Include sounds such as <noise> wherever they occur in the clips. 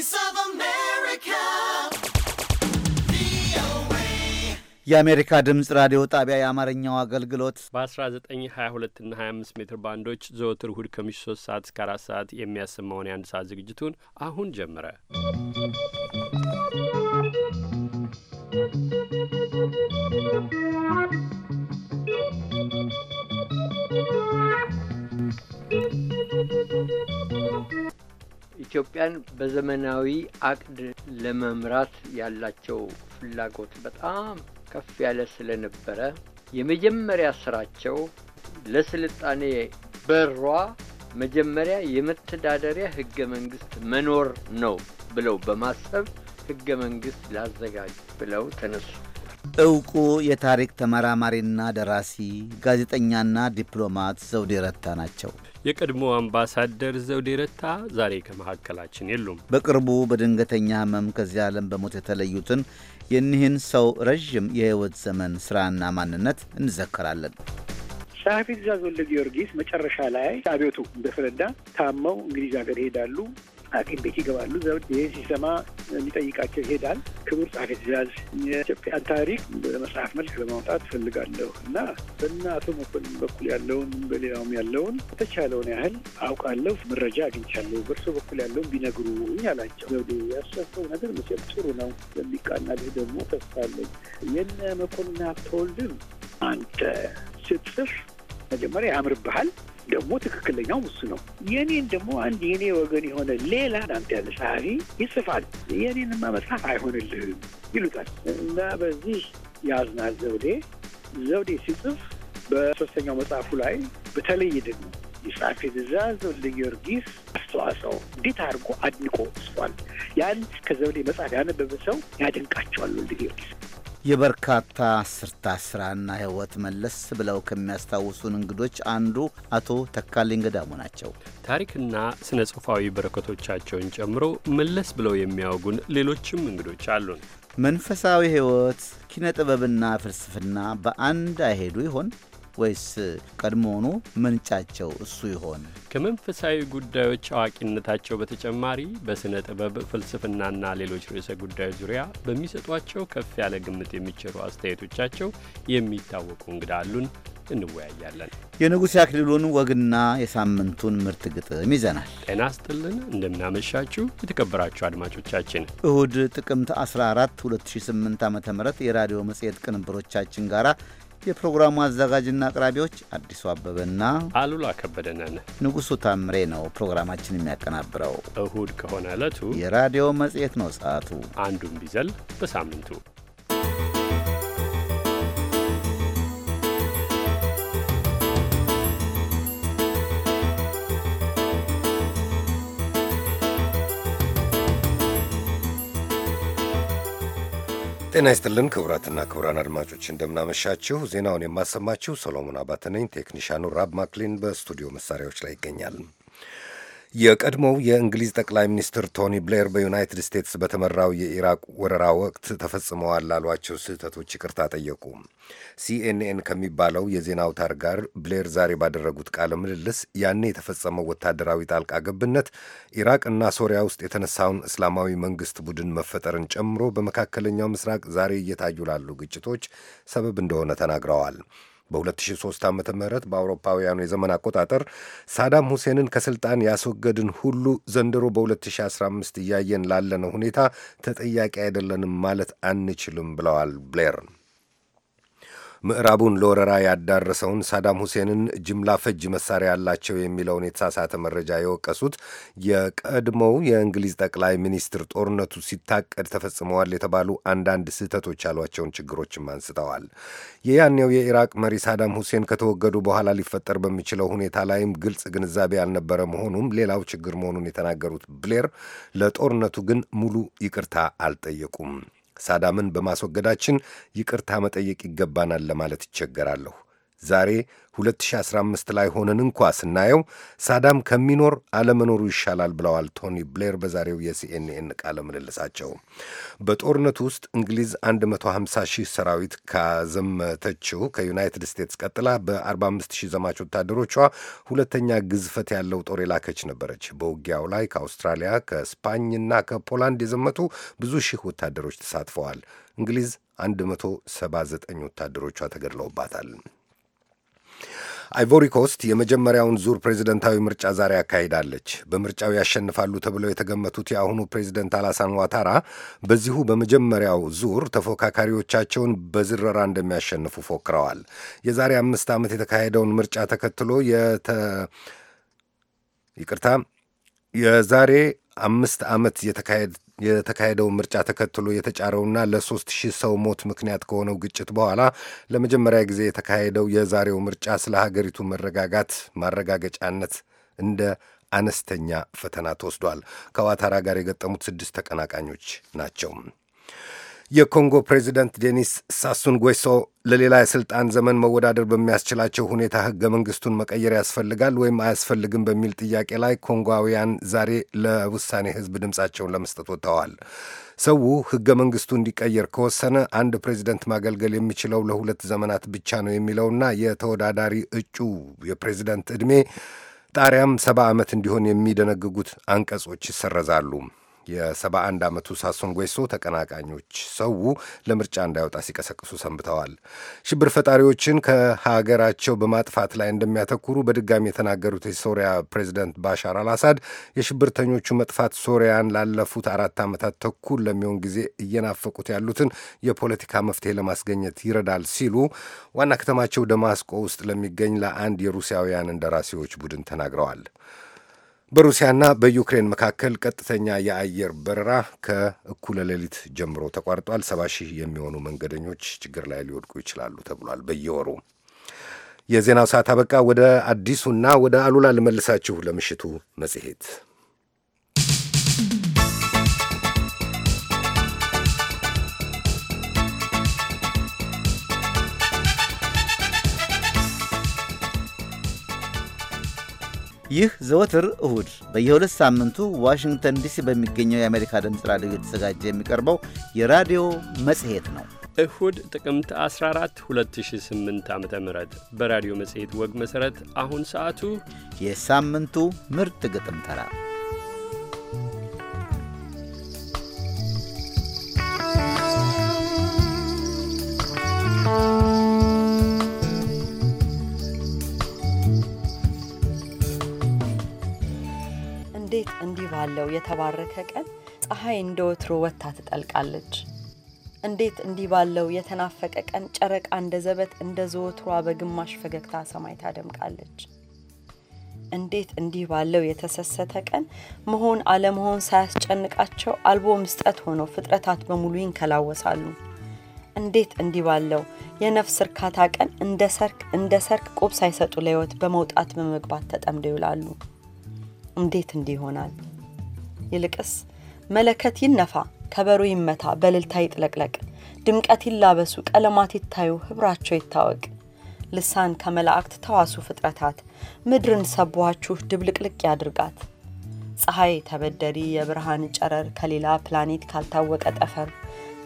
Voice of America. የአሜሪካ ድምፅ ራዲዮ ጣቢያ የአማርኛው አገልግሎት በ1922 እና 25 ሜትር ባንዶች ዘወትር እሁድ ከምሽቱ 3 ሰዓት እስከ 4 ሰዓት የሚያሰማውን የአንድ ሰዓት ዝግጅቱን አሁን ጀመረ። ኢትዮጵያን በዘመናዊ አቅድ ለመምራት ያላቸው ፍላጎት በጣም ከፍ ያለ ስለነበረ የመጀመሪያ ስራቸው ለስልጣኔ በሯ መጀመሪያ የመተዳደሪያ ህገ መንግስት መኖር ነው ብለው በማሰብ ህገ መንግስት ላዘጋጅ ብለው ተነሱ። እውቁ የታሪክ ተመራማሪና ደራሲ ጋዜጠኛና ዲፕሎማት ዘውዴ ረታ ናቸው። የቀድሞ አምባሳደር ዘውዴ ረታ ዛሬ ከመካከላችን የሉም። በቅርቡ በድንገተኛ ሕመም ከዚህ ዓለም በሞት የተለዩትን የኒህን ሰው ረዥም የህይወት ዘመን ስራና ማንነት እንዘከራለን። ጸሐፊ ትእዛዝ ወልደ ጊዮርጊስ መጨረሻ ላይ አብዮቱ እንደፈነዳ ታመው እንግሊዝ ሀገር ይሄዳሉ። ሐኪም ቤት ይገባሉ። ዘውድ ይህን ሲሰማ የሚጠይቃቸው ይሄዳል። ክቡር ጸሐፌ ትእዛዝ የኢትዮጵያን ታሪክ በመጽሐፍ መልክ ለማውጣት ፈልጋለሁ እና በእናቶ መኮንን በኩል ያለውን በሌላውም ያለውን የተቻለውን ያህል አውቃለሁ፣ መረጃ አግኝቻለሁ። በእርሶ በኩል ያለውን ቢነግሩ አላቸው። ዘውድ ያሰፈው ነገር መቼም ጥሩ ነው። የሚቃናልህ ደግሞ ተስፋ አለኝ። የነ መኮንን ሀብተወልድን አንተ ስትጽፍ መጀመሪያ ያምርብሃል ደግሞ ትክክለኛው ምሱ ነው። የኔን ደግሞ አንድ የኔ ወገን የሆነ ሌላ ናንተ ያለ ጸሐፊ ይጽፋል። የኔንማ መጽሐፍ አይሆንልህም ይሉታል እና በዚህ ያዝናል ዘውዴ ዘውዴ ሲጽፍ በሶስተኛው መጽሐፉ ላይ በተለይ ደግሞ የጸሐፌ ትእዛዝ ወልደ ጊዮርጊስ አስተዋጽኦ እንዴት አድርጎ አድንቆ ጽፏል። ያን ከዘውዴ መጽሐፍ ያነበበ ሰው ያደንቃቸዋል ወልደ ጊዮርጊስ የበርካታ ስርታ ስራና ህይወት መለስ ብለው ከሚያስታውሱን እንግዶች አንዱ አቶ ተካሌ ገዳሙ ናቸው። ታሪክና ስነ ጽሁፋዊ በረከቶቻቸውን ጨምሮ መለስ ብለው የሚያወጉን ሌሎችም እንግዶች አሉን። መንፈሳዊ ህይወት ኪነ ጥበብና ፍልስፍና በአንድ አይሄዱ ይሆን? ወይስ ቀድሞውኑ ምንጫቸው እሱ ይሆን? ከመንፈሳዊ ጉዳዮች አዋቂነታቸው በተጨማሪ በሥነ ጥበብ ፍልስፍናና ሌሎች ርዕሰ ጉዳዮች ዙሪያ በሚሰጧቸው ከፍ ያለ ግምት የሚቸሩ አስተያየቶቻቸው የሚታወቁ እንግዳ አሉን። እንወያያለን። የንጉሥ አክሊሉን ወግና የሳምንቱን ምርጥ ግጥም ይዘናል። ጤና ስጥልን፣ እንደምናመሻችሁ የተከበራችሁ አድማጮቻችን። እሁድ ጥቅምት 14 2008 ዓ ም የራዲዮ መጽሔት ቅንብሮቻችን ጋራ የፕሮግራሙ አዘጋጅና አቅራቢዎች አዲሱ አበበና አሉላ ከበደነን። ንጉሱ ታምሬ ነው ፕሮግራማችን የሚያቀናብረው። እሁድ ከሆነ ዕለቱ የራዲዮ መጽሔት ነው። ሰዓቱ አንዱን ቢዘል በሳምንቱ ጤና ይስጥልን ክቡራትና ክቡራን አድማጮች እንደምናመሻችሁ። ዜናውን የማሰማችሁ ሰሎሞን አባተ ነኝ። ቴክኒሻኑ ራብ ማክሊን በስቱዲዮ መሳሪያዎች ላይ ይገኛል። የቀድሞው የእንግሊዝ ጠቅላይ ሚኒስትር ቶኒ ብሌር በዩናይትድ ስቴትስ በተመራው የኢራቅ ወረራ ወቅት ተፈጽመዋል ላሏቸው ስህተቶች ይቅርታ ጠየቁ። ሲኤንኤን ከሚባለው የዜና አውታር ጋር ብሌር ዛሬ ባደረጉት ቃለ ምልልስ ያኔ የተፈጸመው ወታደራዊ ጣልቃ ገብነት ኢራቅና ሶሪያ ውስጥ የተነሳውን እስላማዊ መንግስት ቡድን መፈጠርን ጨምሮ በመካከለኛው ምስራቅ ዛሬ እየታዩ ላሉ ግጭቶች ሰበብ እንደሆነ ተናግረዋል። በ2003 ዓ ም በአውሮፓውያኑ የዘመን አቆጣጠር ሳዳም ሁሴንን ከስልጣን ያስወገድን ሁሉ ዘንድሮ በ2015 እያየን ላለነው ሁኔታ ተጠያቂ አይደለንም ማለት አንችልም ብለዋል ብሌርን። ምዕራቡን ለወረራ ያዳረሰውን ሳዳም ሁሴንን ጅምላ ፈጅ መሳሪያ ያላቸው የሚለውን የተሳሳተ መረጃ የወቀሱት የቀድሞው የእንግሊዝ ጠቅላይ ሚኒስትር ጦርነቱ ሲታቀድ ተፈጽመዋል የተባሉ አንዳንድ ስህተቶች ያሏቸውን ችግሮችም አንስተዋል። የያኔው የኢራቅ መሪ ሳዳም ሁሴን ከተወገዱ በኋላ ሊፈጠር በሚችለው ሁኔታ ላይም ግልጽ ግንዛቤ ያልነበረ መሆኑም ሌላው ችግር መሆኑን የተናገሩት ብሌር ለጦርነቱ ግን ሙሉ ይቅርታ አልጠየቁም። ሳዳምን በማስወገዳችን ይቅርታ መጠየቅ ይገባናል ለማለት ይቸገራለሁ። ዛሬ 2015 ላይ ሆነን እንኳ ስናየው ሳዳም ከሚኖር አለመኖሩ ይሻላል ብለዋል ቶኒ ብሌር በዛሬው የሲኤንኤን ቃለ ምልልሳቸው። በጦርነቱ ውስጥ እንግሊዝ 150 ሺህ ሰራዊት ካዘመተችው ከዩናይትድ ስቴትስ ቀጥላ በ45 ሺህ ዘማች ወታደሮቿ ሁለተኛ ግዝፈት ያለው ጦር የላከች ነበረች። በውጊያው ላይ ከአውስትራሊያ ከስፓኝና ከፖላንድ የዘመቱ ብዙ ሺህ ወታደሮች ተሳትፈዋል። እንግሊዝ 179 ወታደሮቿ ተገድለውባታል። አይቮሪ ኮስት የመጀመሪያውን ዙር ፕሬዝደንታዊ ምርጫ ዛሬ ያካሂዳለች። በምርጫው ያሸንፋሉ ተብለው የተገመቱት የአሁኑ ፕሬዝደንት አላሳን ዋታራ በዚሁ በመጀመሪያው ዙር ተፎካካሪዎቻቸውን በዝረራ እንደሚያሸንፉ ፎክረዋል። የዛሬ አምስት ዓመት የተካሄደውን ምርጫ ተከትሎ የተ ይቅርታ የዛሬ አምስት ዓመት የተካሄደውን ምርጫ ተከትሎ የተጫረውና ለሶስት ሺህ ሰው ሞት ምክንያት ከሆነው ግጭት በኋላ ለመጀመሪያ ጊዜ የተካሄደው የዛሬው ምርጫ ስለ ሀገሪቱ መረጋጋት ማረጋገጫነት እንደ አነስተኛ ፈተና ተወስዷል። ከዋታራ ጋር የገጠሙት ስድስት ተቀናቃኞች ናቸው። የኮንጎ ፕሬዚደንት ዴኒስ ሳሱን ጎይሶ ለሌላ የሥልጣን ዘመን መወዳደር በሚያስችላቸው ሁኔታ ህገ መንግስቱን መቀየር ያስፈልጋል ወይም አያስፈልግም በሚል ጥያቄ ላይ ኮንጓውያን ዛሬ ለውሳኔ ህዝብ ድምፃቸውን ለመስጠት ወጥተዋል። ሰው ህገ መንግስቱ እንዲቀየር ከወሰነ አንድ ፕሬዚደንት ማገልገል የሚችለው ለሁለት ዘመናት ብቻ ነው የሚለውና የተወዳዳሪ እጩ የፕሬዚደንት ዕድሜ ጣሪያም ሰባ ዓመት እንዲሆን የሚደነግጉት አንቀጾች ይሰረዛሉ። የ71 ዓመቱ ሳሶን ጎይሶ ተቀናቃኞች ሰው ለምርጫ እንዳይወጣ ሲቀሰቅሱ ሰንብተዋል። ሽብር ፈጣሪዎችን ከሀገራቸው በማጥፋት ላይ እንደሚያተኩሩ በድጋሚ የተናገሩት የሶሪያ ፕሬዚደንት ባሻር አልአሳድ የሽብርተኞቹ መጥፋት ሶሪያን ላለፉት አራት ዓመታት ተኩል ለሚሆን ጊዜ እየናፈቁት ያሉትን የፖለቲካ መፍትሄ ለማስገኘት ይረዳል ሲሉ ዋና ከተማቸው ደማስቆ ውስጥ ለሚገኝ ለአንድ የሩሲያውያን እንደራሴዎች ቡድን ተናግረዋል። በሩሲያና በዩክሬን መካከል ቀጥተኛ የአየር በረራ ከእኩለ ሌሊት ጀምሮ ተቋርጧል። ሰባ ሺህ የሚሆኑ መንገደኞች ችግር ላይ ሊወድቁ ይችላሉ ተብሏል። በየወሩ የዜናው ሰዓት አበቃ። ወደ አዲሱና ወደ አሉላ ልመልሳችሁ ለምሽቱ መጽሔት ይህ ዘወትር እሁድ በየሁለት ሳምንቱ ዋሽንግተን ዲሲ በሚገኘው የአሜሪካ ድምፅ ራዲዮ የተዘጋጀ የሚቀርበው የራዲዮ መጽሔት ነው። እሁድ ጥቅምት 14 2008 ዓ ም በራዲዮ መጽሔት ወግ መሠረት አሁን ሰዓቱ የሳምንቱ ምርጥ ግጥም ተራ ያለው የተባረከ ቀን ፀሐይ እንደ ወትሮ ወጥታ ትጠልቃለች። እንዴት እንዲህ ባለው የተናፈቀ ቀን ጨረቃ እንደ ዘበት እንደ ዘወትሯ በግማሽ ፈገግታ ሰማይ ታደምቃለች። እንዴት እንዲህ ባለው የተሰሰተ ቀን መሆን አለመሆን ሳያስጨንቃቸው አልቦ ምስጠት ሆነው ፍጥረታት በሙሉ ይንከላወሳሉ። እንዴት እንዲህ ባለው የነፍስ እርካታ ቀን እንደ ሰርክ እንደ ሰርክ ቁብ ሳይሰጡ ለሕይወት በመውጣት በመግባት ተጠምደው ይውላሉ። እንዴት እንዲህ ይሆናል? ይልቅስ መለከት ይነፋ፣ ከበሮ ይመታ፣ በልልታ ይጥለቅለቅ፣ ድምቀት ይላበሱ፣ ቀለማት ይታዩ፣ ኅብራቸው ይታወቅ። ልሳን ከመላእክት ተዋሱ ፍጥረታት ምድርን ሰብኋችሁ ድብልቅልቅ ያድርጋት። ፀሐይ ተበደሪ የብርሃን ጨረር ከሌላ ፕላኔት ካልታወቀ ጠፈር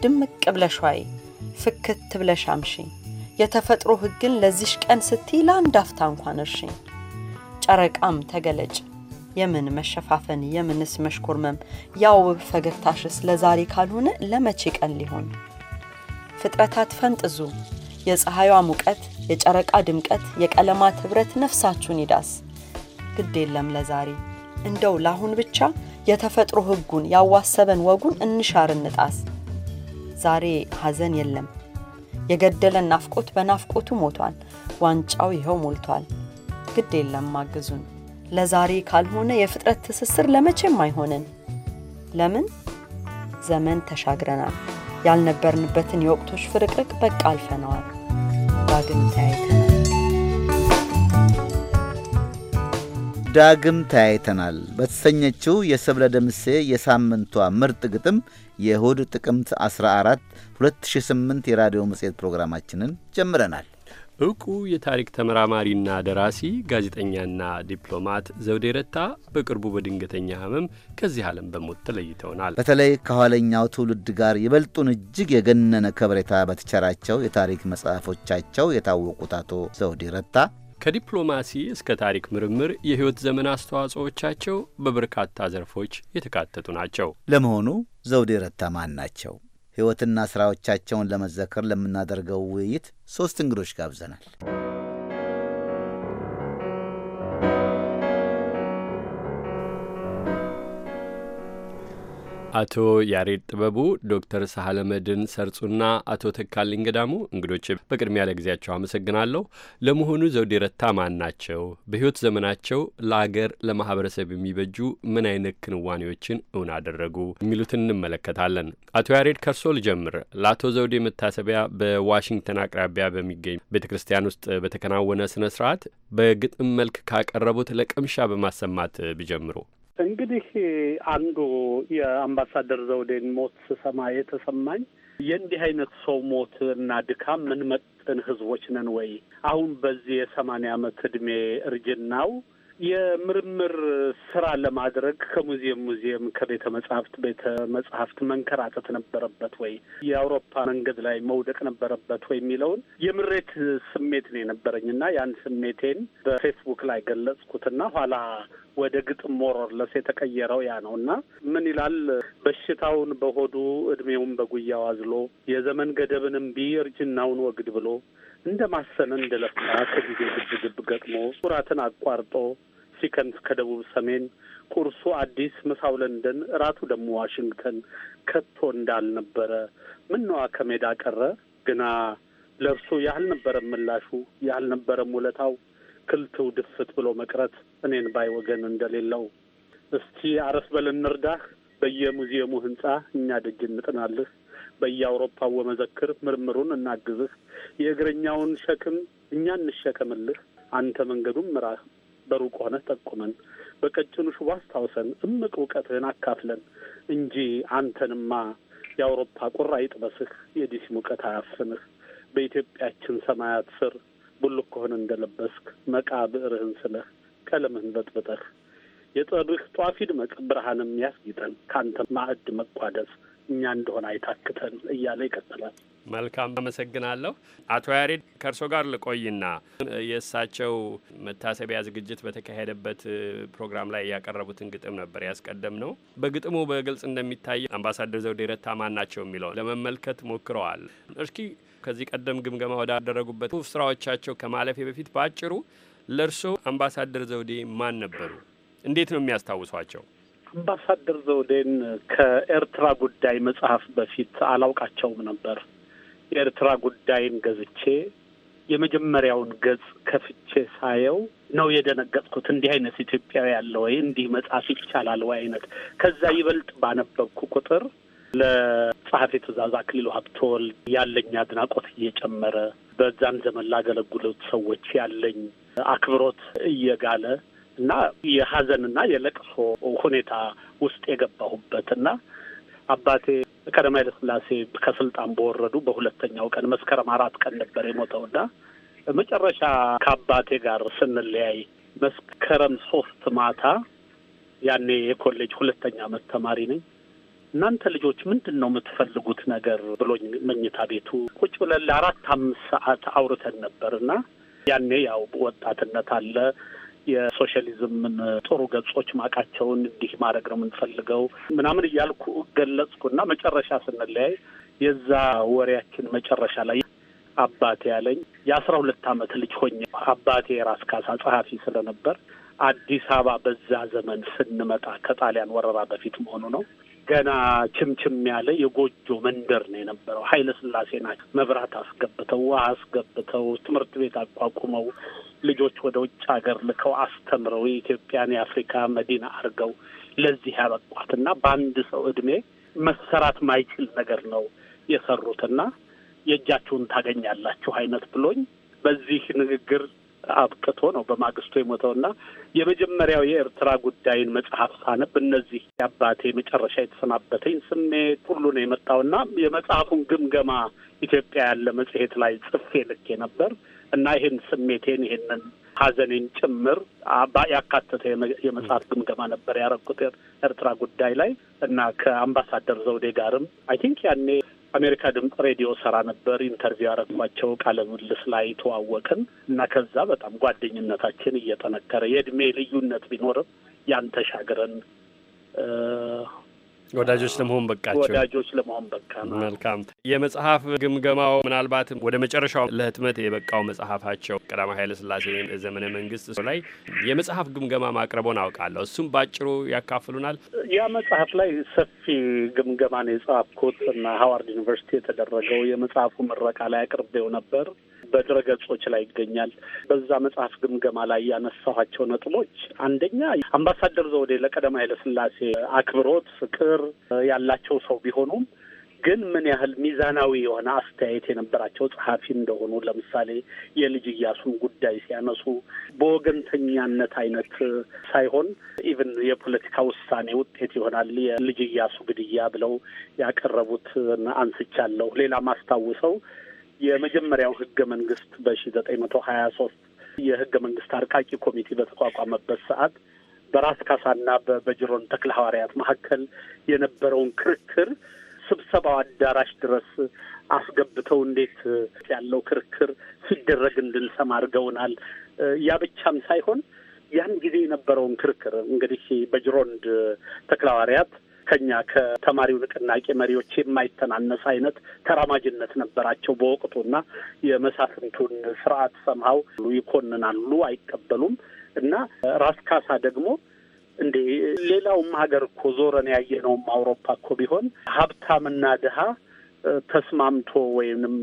ድምቅ ብለሽዋይ ፍክት ብለሻምሺ የተፈጥሮ ሕግን ለዚሽ ቀን ስትይ ለአንድ አፍታ እንኳን እርሽኝ። ጨረቃም ተገለጭ የምን መሸፋፈን፣ የምንስ መሽኮርመም? ያው ፈገግታሽስ ለዛሬ ካልሆነ ለመቼ ቀን ሊሆን? ፍጥረታት ፈንጥዙ። የፀሐይዋ ሙቀት፣ የጨረቃ ድምቀት፣ የቀለማት ኅብረት ነፍሳችሁን ይዳስ። ግድ የለም ለዛሬ እንደው ለአሁን ብቻ የተፈጥሮ ህጉን ያዋሰበን ወጉን እንሻር እንጣስ። ዛሬ ሐዘን የለም። የገደለን ናፍቆት በናፍቆቱ ሞቷል። ዋንጫው ይኸው ሞልቷል። ግድ የለም ማግዙን። ለዛሬ ካልሆነ የፍጥረት ትስስር ለመቼም አይሆንን። ለምን? ዘመን ተሻግረናል። ያልነበርንበትን የወቅቶች ፍርቅርቅ በቃ አልፈነዋል። ዳግም ተያይተናል። ዳግም ተያይተናል በተሰኘችው የሰብለ ደምሴ የሳምንቷ ምርጥ ግጥም የእሁድ ጥቅምት 14 2008 የራዲዮ መጽሔት ፕሮግራማችንን ጀምረናል። እውቁ የታሪክ ተመራማሪና ደራሲ ጋዜጠኛና ዲፕሎማት ዘውዴ ረታ በቅርቡ በድንገተኛ ሕመም ከዚህ ዓለም በሞት ተለይተውናል። በተለይ ከኋለኛው ትውልድ ጋር ይበልጡን እጅግ የገነነ ከበሬታ በተቸራቸው የታሪክ መጽሐፎቻቸው የታወቁት አቶ ዘውዴ ረታ ከዲፕሎማሲ እስከ ታሪክ ምርምር የሕይወት ዘመን አስተዋጽኦቻቸው በበርካታ ዘርፎች የተካተቱ ናቸው። ለመሆኑ ዘውዴ ረታ ማን ናቸው? ሕይወትና ሥራዎቻቸውን ለመዘከር ለምናደርገው ውይይት ሦስት እንግዶች ጋብዘናል። አቶ ያሬድ ጥበቡ፣ ዶክተር ሳህለመድን ሰርጹና አቶ ተካልኝ ገዳሙ እንግዶች፣ በቅድሚያ ለጊዜያቸው አመሰግናለሁ። ለመሆኑ ዘውዴ ረታ ማን ናቸው? በሕይወት ዘመናቸው ለአገር ለማህበረሰብ የሚበጁ ምን አይነት ክንዋኔዎችን እውን አደረጉ? የሚሉትን እንመለከታለን። አቶ ያሬድ ከርሶ ልጀምር። ለአቶ ዘውዴ መታሰቢያ በዋሽንግተን አቅራቢያ በሚገኝ ቤተ ክርስቲያን ውስጥ በተከናወነ ስነ ስርዓት በግጥም መልክ ካቀረቡት ለቅምሻ በማሰማት ቢጀምሩ እንግዲህ አንዱ የአምባሳደር ዘውዴን ሞት ስሰማ የተሰማኝ የእንዲህ አይነት ሰው ሞት እና ድካም ምን መጥን ህዝቦች ነን ወይ? አሁን በዚህ የሰማንያ ዓመት እድሜ እርጅናው የምርምር ስራ ለማድረግ ከሙዚየም ሙዚየም ከቤተ መጽሐፍት ቤተ መጽሐፍት መንከራተት ነበረበት ወይ የአውሮፓ መንገድ ላይ መውደቅ ነበረበት ወይ የሚለውን የምሬት ስሜት ነው የነበረኝ እና ያን ስሜቴን በፌስቡክ ላይ ገለጽኩትና ኋላ ወደ ግጥም ሞሮርለስ የተቀየረው ያ ነው እና ምን ይላል? በሽታውን በሆዱ እድሜውን በጉያው አዝሎ የዘመን ገደብን እምቢ እርጅናውን ወግድ ብሎ እንደ ማሰመን እንደለፋ ከጊዜ ግብ ገጥሞ ሱራትን አቋርጦ ሲከንፍ ከደቡብ ሰሜን ቁርሱ አዲስ፣ ምሳው ለንደን፣ እራቱ ደግሞ ዋሽንግተን ከቶ እንዳልነበረ ምነዋ ከሜዳ ቀረ ግና ለእርሱ ያልነበረም ምላሹ ያልነበረም ውለታው ክልትው ድፍት ብሎ መቅረት እኔን ባይ ወገን እንደሌለው እስቲ አረስ በል እንርዳህ፣ በየሙዚየሙ ህንጻ እኛ ደጅ እንጥናልህ በየአውሮፓ ወመዘክር ምርምሩን እናግዝህ፣ የእግረኛውን ሸክም እኛ እንሸከምልህ፣ አንተ መንገዱን ምራህ፣ በሩቅ ሆነህ ጠቁመን፣ በቀጭኑ ሽቦ አስታውሰን፣ እምቅ እውቀትህን አካፍለን እንጂ አንተንማ የአውሮፓ ቁራ ይጥበስህ፣ የዲሲ ሙቀት አያፍንህ። በኢትዮጵያችን ሰማያት ስር ከሆነ እንደለበስክ መቃ ብዕርህን ስለህ ቀለምህን በጥብጠህ የጠብህ ጧፍ ይድመቅ ብርሃንም ያስጊጠን ከአንተ ማዕድ መቋደስ እኛ እንደሆነ አይታክተን እያለ ይቀጥላል። መልካም አመሰግናለሁ። አቶ ያሬድ ከእርስዎ ጋር ልቆይና የእሳቸው መታሰቢያ ዝግጅት በተካሄደበት ፕሮግራም ላይ ያቀረቡትን ግጥም ነበር ያስቀደም ነው። በግጥሙ በግልጽ እንደሚታየ አምባሳደር ዘውዴ ረታ ማን ናቸው የሚለው ለመመልከት ሞክረዋል። እስኪ ከዚህ ቀደም ግምገማ ወዳደረጉበት ስራዎቻቸው ከማለፌ በፊት በአጭሩ ለእርስዎ አምባሳደር ዘውዴ ማን ነበሩ? እንዴት ነው የሚያስታውሷቸው? አምባሳደር ዘውዴን ከኤርትራ ጉዳይ መጽሐፍ በፊት አላውቃቸውም ነበር። የኤርትራ ጉዳይን ገዝቼ የመጀመሪያውን ገጽ ከፍቼ ሳየው ነው የደነገጥኩት። እንዲህ አይነት ኢትዮጵያዊ ያለ ወይ? እንዲህ መጽሐፍ ይቻላል ወይ አይነት ከዛ ይበልጥ ባነበብኩ ቁጥር ለጸሐፊ ትእዛዝ አክሊሉ ሀብተወልድ ያለኝ አድናቆት እየጨመረ በዛን ዘመን ላገለግሉት ሰዎች ያለኝ አክብሮት እየጋለ እና የሀዘንና የለቅሶ ሁኔታ ውስጥ የገባሁበት እና አባቴ ቀዳማዊ ኃይለ ሥላሴ ከስልጣን በወረዱ በሁለተኛው ቀን መስከረም አራት ቀን ነበር የሞተው ና መጨረሻ ከአባቴ ጋር ስንለያይ መስከረም ሶስት ማታ ያኔ የኮሌጅ ሁለተኛ ዓመት ተማሪ ነኝ። እናንተ ልጆች ምንድን ነው የምትፈልጉት ነገር ብሎኝ መኝታ ቤቱ ቁጭ ብለን ለአራት አምስት ሰዓት አውርተን ነበር እና ያኔ ያው ወጣትነት አለ የሶሻሊዝምን ጥሩ ገጾች ማቃቸውን እንዲህ ማድረግ ነው የምንፈልገው ምናምን እያልኩ ገለጽኩ ና መጨረሻ ስንለያይ የዛ ወሬያችን መጨረሻ ላይ አባቴ ያለኝ የአስራ ሁለት ዓመት ልጅ ሆኜ አባቴ የራስ ካሳ ጸሐፊ ስለነበር አዲስ አበባ በዛ ዘመን ስንመጣ ከጣሊያን ወረራ በፊት መሆኑ ነው ገና ችምችም ያለ የጎጆ መንደር ነው የነበረው። ኃይለ ስላሴ ናቸው መብራት አስገብተው ውሃ አስገብተው ትምህርት ቤት አቋቁመው ልጆች ወደ ውጭ ሀገር ልከው አስተምረው የኢትዮጵያን የአፍሪካ መዲና አድርገው ለዚህ ያበቋትና በአንድ ሰው እድሜ መሰራት ማይችል ነገር ነው የሰሩትና የእጃችሁን ታገኛላችሁ አይነት ብሎኝ በዚህ ንግግር አብቅቶ ነው በማግስቱ የሞተው የመጀመሪያው የኤርትራ ጉዳይን መጽሐፍ ሳነብ እነዚህ የአባቴ መጨረሻ የተሰናበተኝ ስሜት ሁሉ ነው የመጣው የመጽሐፉን ግምገማ ኢትዮጵያ ያለ መጽሔት ላይ ጽፌ ልኬ ነበር እና ይህን ስሜቴን ይህንን ሀዘኔን ጭምር ያካተተ የመጽሐፍ ግምገማ ነበር ያረኩት ኤርትራ ጉዳይ ላይ እና ከአምባሳደር ዘውዴ ጋርም አይ ቲንክ ያኔ አሜሪካ ድምጽ ሬዲዮ ሰራ ነበር። ኢንተርቪው ያረግኳቸው ቃለ ምልልስ ላይ ተዋወቅን እና ከዛ በጣም ጓደኝነታችን እየጠነከረ የእድሜ ልዩነት ቢኖርም ያን ተሻግረን ወዳጆች ለመሆን በቃቸው። ወዳጆች ለመሆን በቃ ነው። መልካም የመጽሐፍ ግምገማው ምናልባት ወደ መጨረሻው ለህትመት የበቃው መጽሐፋቸው ቀዳማዊ ኃይለ ሥላሴ ዘመነ መንግስት ላይ የመጽሐፍ ግምገማ ማቅረቦን አውቃለሁ። እሱም በአጭሩ ያካፍሉናል። ያ መጽሐፍ ላይ ሰፊ ግምገማን የጻፍኩት እና ሀዋርድ ዩኒቨርሲቲ የተደረገው የመጽሐፉ ምረቃ ላይ አቅርቤው ነበር። በድረገጾች ላይ ይገኛል። በዛ መጽሐፍ ግምገማ ላይ ያነሳኋቸው ነጥቦች አንደኛ አምባሳደር ዘውዴ ለቀዳማዊ ኃይለስላሴ አክብሮት፣ ፍቅር ያላቸው ሰው ቢሆኑም ግን ምን ያህል ሚዛናዊ የሆነ አስተያየት የነበራቸው ጸሐፊ እንደሆኑ ለምሳሌ የልጅ እያሱን ጉዳይ ሲያነሱ በወገንተኛነት አይነት ሳይሆን ኢቭን የፖለቲካ ውሳኔ ውጤት ይሆናል የልጅ እያሱ ግድያ ብለው ያቀረቡት አንስቻለሁ። ሌላ ማስታውሰው የመጀመሪያው ህገ መንግስት በሺ ዘጠኝ መቶ ሀያ ሶስት የህገ መንግስት አርቃቂ ኮሚቴ በተቋቋመበት ሰዓት በራስ ካሳና በበጅሮን ተክለ ሐዋርያት መካከል የነበረውን ክርክር ስብሰባው አዳራሽ ድረስ አስገብተው እንዴት ያለው ክርክር ሲደረግ እንድንሰማ አድርገውናል። ያ ብቻም ሳይሆን ያን ጊዜ የነበረውን ክርክር እንግዲህ በጅሮንድ ተክለ ሐዋርያት ከኛ ከተማሪው ንቅናቄ መሪዎች የማይተናነስ አይነት ተራማጅነት ነበራቸው በወቅቱና የመሳፍንቱን ስርዓት ሰምሀው ይኮንናሉ፣ አይቀበሉም እና ራስ ካሳ ደግሞ እንዴ ሌላውም ሀገር እኮ ዞረን ያየነውም አውሮፓ እኮ ቢሆን ሀብታምና ድሀ ተስማምቶ ወይንም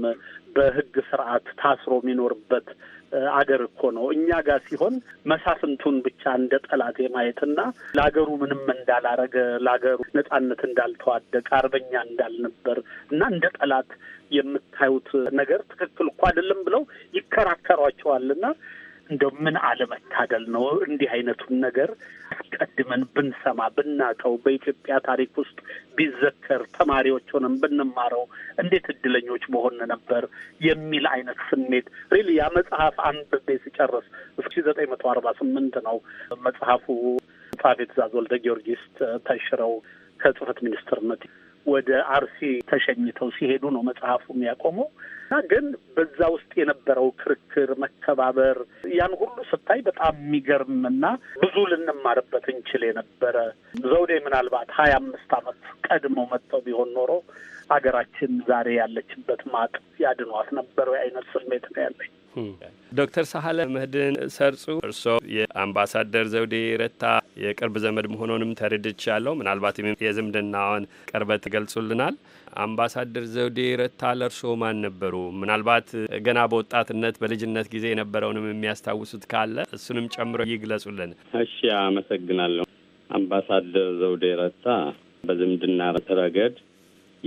በህግ ስርዓት ታስሮ የሚኖርበት አገር እኮ ነው። እኛ ጋር ሲሆን መሳፍንቱን ብቻ እንደ ጠላት የማየትና ለአገሩ ምንም እንዳላረገ ለአገሩ ነጻነት እንዳልተዋደቀ አርበኛ እንዳልነበር እና እንደ ጠላት የምታዩት ነገር ትክክል እኮ አይደለም ብለው ይከራከሯቸዋልና እንደው ምን አለመታደል ነው እንዲህ አይነቱን ነገር አስቀድመን ብንሰማ ብናቀው፣ በኢትዮጵያ ታሪክ ውስጥ ቢዘከር፣ ተማሪዎች ሆነን ብንማረው እንዴት እድለኞች መሆን ነበር የሚል አይነት ስሜት ሪሊ ያ መጽሐፍ አንብቤ ስጨርስ እስከ ሺህ ዘጠኝ መቶ አርባ ስምንት ነው መጽሐፉ ጸሐፌ ትእዛዝ ወልደ ጊዮርጊስ ተሽረው ከጽህፈት ሚኒስትርነት ወደ አርሲ ተሸኝተው ሲሄዱ ነው መጽሐፉ ያቆመው እና ግን በዛ ውስጥ የነበረው ክርክር፣ መከባበር ያን ሁሉ ስታይ በጣም የሚገርም እና ብዙ ልንማርበት እንችል የነበረ ዘውዴ ምናልባት ሀያ አምስት አመት ቀድመው መጥተው ቢሆን ኖሮ ሀገራችን ዛሬ ያለችበት ማጥ ያድኗት ነበረው አይነት ስሜት ነው ያለኝ። ዶክተር ሳህለ መድህን ሰርጹ እርስዎ የአምባሳደር ዘውዴ ረታ የቅርብ ዘመድ መሆኑንም ተረድቻለሁ። ምናልባት የዝምድናዋን ቅርበት ገልጹልናል። አምባሳደር ዘውዴ ረታ ለእርስዎ ማን ነበሩ? ምናልባት ገና በወጣትነት በልጅነት ጊዜ የነበረውንም የሚያስታውሱት ካለ እሱንም ጨምሮ ይግለጹልን። እሺ፣ አመሰግናለሁ። አምባሳደር ዘውዴ ረታ በዝምድና ረገድ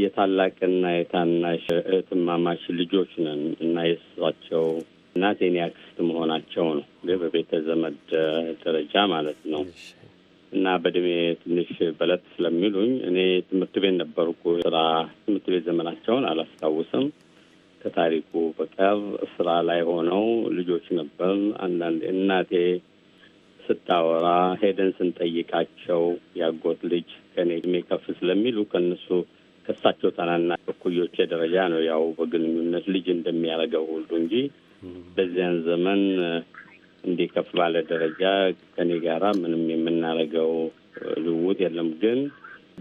የታላቅና የታናሽ እህትማማች ልጆች ነን እና የእሳቸው እናቴ የኔ አክስት መሆናቸው ነው። ግን በቤተ ዘመድ ደረጃ ማለት ነው እና በእድሜ ትንሽ በለት ስለሚሉኝ እኔ ትምህርት ቤት ነበርኩ። ስራ ትምህርት ቤት ዘመናቸውን አላስታውስም ከታሪኩ በቀር ስራ ላይ ሆነው ልጆች ነበር። አንዳንድ እናቴ ስታወራ ሄደን ስንጠይቃቸው ያጎት ልጅ ከኔ እድሜ ከፍ ስለሚሉ ከእነሱ ከእሳቸው ታናና እኩዮቼ ደረጃ ነው ያው በግንኙነት ልጅ እንደሚያደርገው ሁሉ እንጂ በዚያን ዘመን እንዲህ ከፍ ባለ ደረጃ ከኔ ጋራ ምንም የምናደርገው ልውውጥ የለም። ግን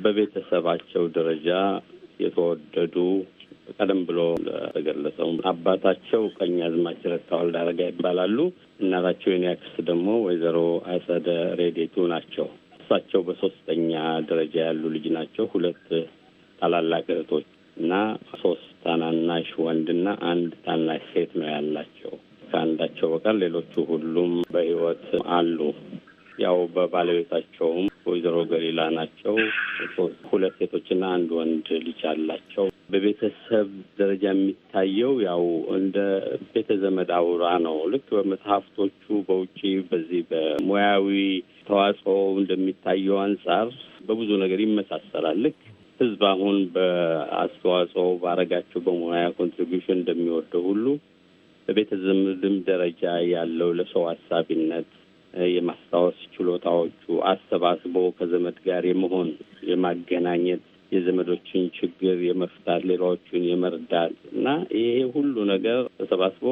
በቤተሰባቸው ደረጃ የተወደዱ ቀደም ብሎ ተገለጸው አባታቸው ቀኛዝማች ረታ ወልደ ይባላሉ። እናታቸው የኔ አክስት ደግሞ ወይዘሮ አሰደ ሬዴቱ ናቸው። እሳቸው በሶስተኛ ደረጃ ያሉ ልጅ ናቸው። ሁለት ታላላቅ እህቶች እና ሶስት ታናናሽ ወንድና አንድ ታናሽ ሴት ነው ያላቸው። ከአንዳቸው በቀር ሌሎቹ ሁሉም በህይወት አሉ። ያው በባለቤታቸውም ወይዘሮ ገሊላ ናቸው። ሁለት ሴቶችና አንድ ወንድ ልጅ አላቸው። በቤተሰብ ደረጃ የሚታየው ያው እንደ ቤተ ዘመድ አውራ ነው። ልክ በመጽሐፍቶቹ በውጪ በዚህ በሙያዊ ተዋጽኦ እንደሚታየው አንጻር በብዙ ነገር ይመሳሰላል። ልክ ህዝብ አሁን በአስተዋጽኦ ባረጋቸው በሙያ ኮንትሪቢሽን እንደሚወደው ሁሉ በቤተ ዘመድም ደረጃ ያለው ለሰው አሳቢነት የማስታወስ ችሎታዎቹ አሰባስቦ ከዘመድ ጋር የመሆን የማገናኘት የዘመዶችን ችግር የመፍታት ሌላዎቹን የመርዳት እና ይሄ ሁሉ ነገር ተሰባስቦ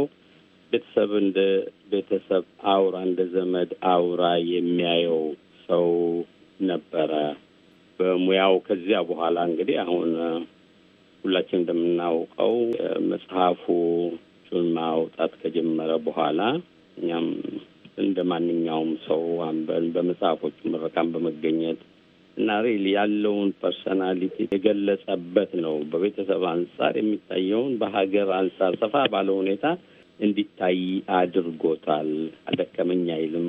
ቤተሰብ እንደ ቤተሰብ አውራ እንደ ዘመድ አውራ የሚያየው ሰው ነበረ። በሙያው ከዚያ በኋላ እንግዲህ አሁን ሁላችን እንደምናውቀው መጽሐፉ ማውጣት ከጀመረ በኋላ እኛም እንደ ማንኛውም ሰው አንበን በመጽሐፎቹ ምረቃም በመገኘት እና ሪል ያለውን ፐርሰናሊቲ የገለጸበት ነው። በቤተሰብ አንጻር የሚታየውን በሀገር አንጻር ሰፋ ባለ ሁኔታ እንዲታይ አድርጎታል። አደከመኝ አይልም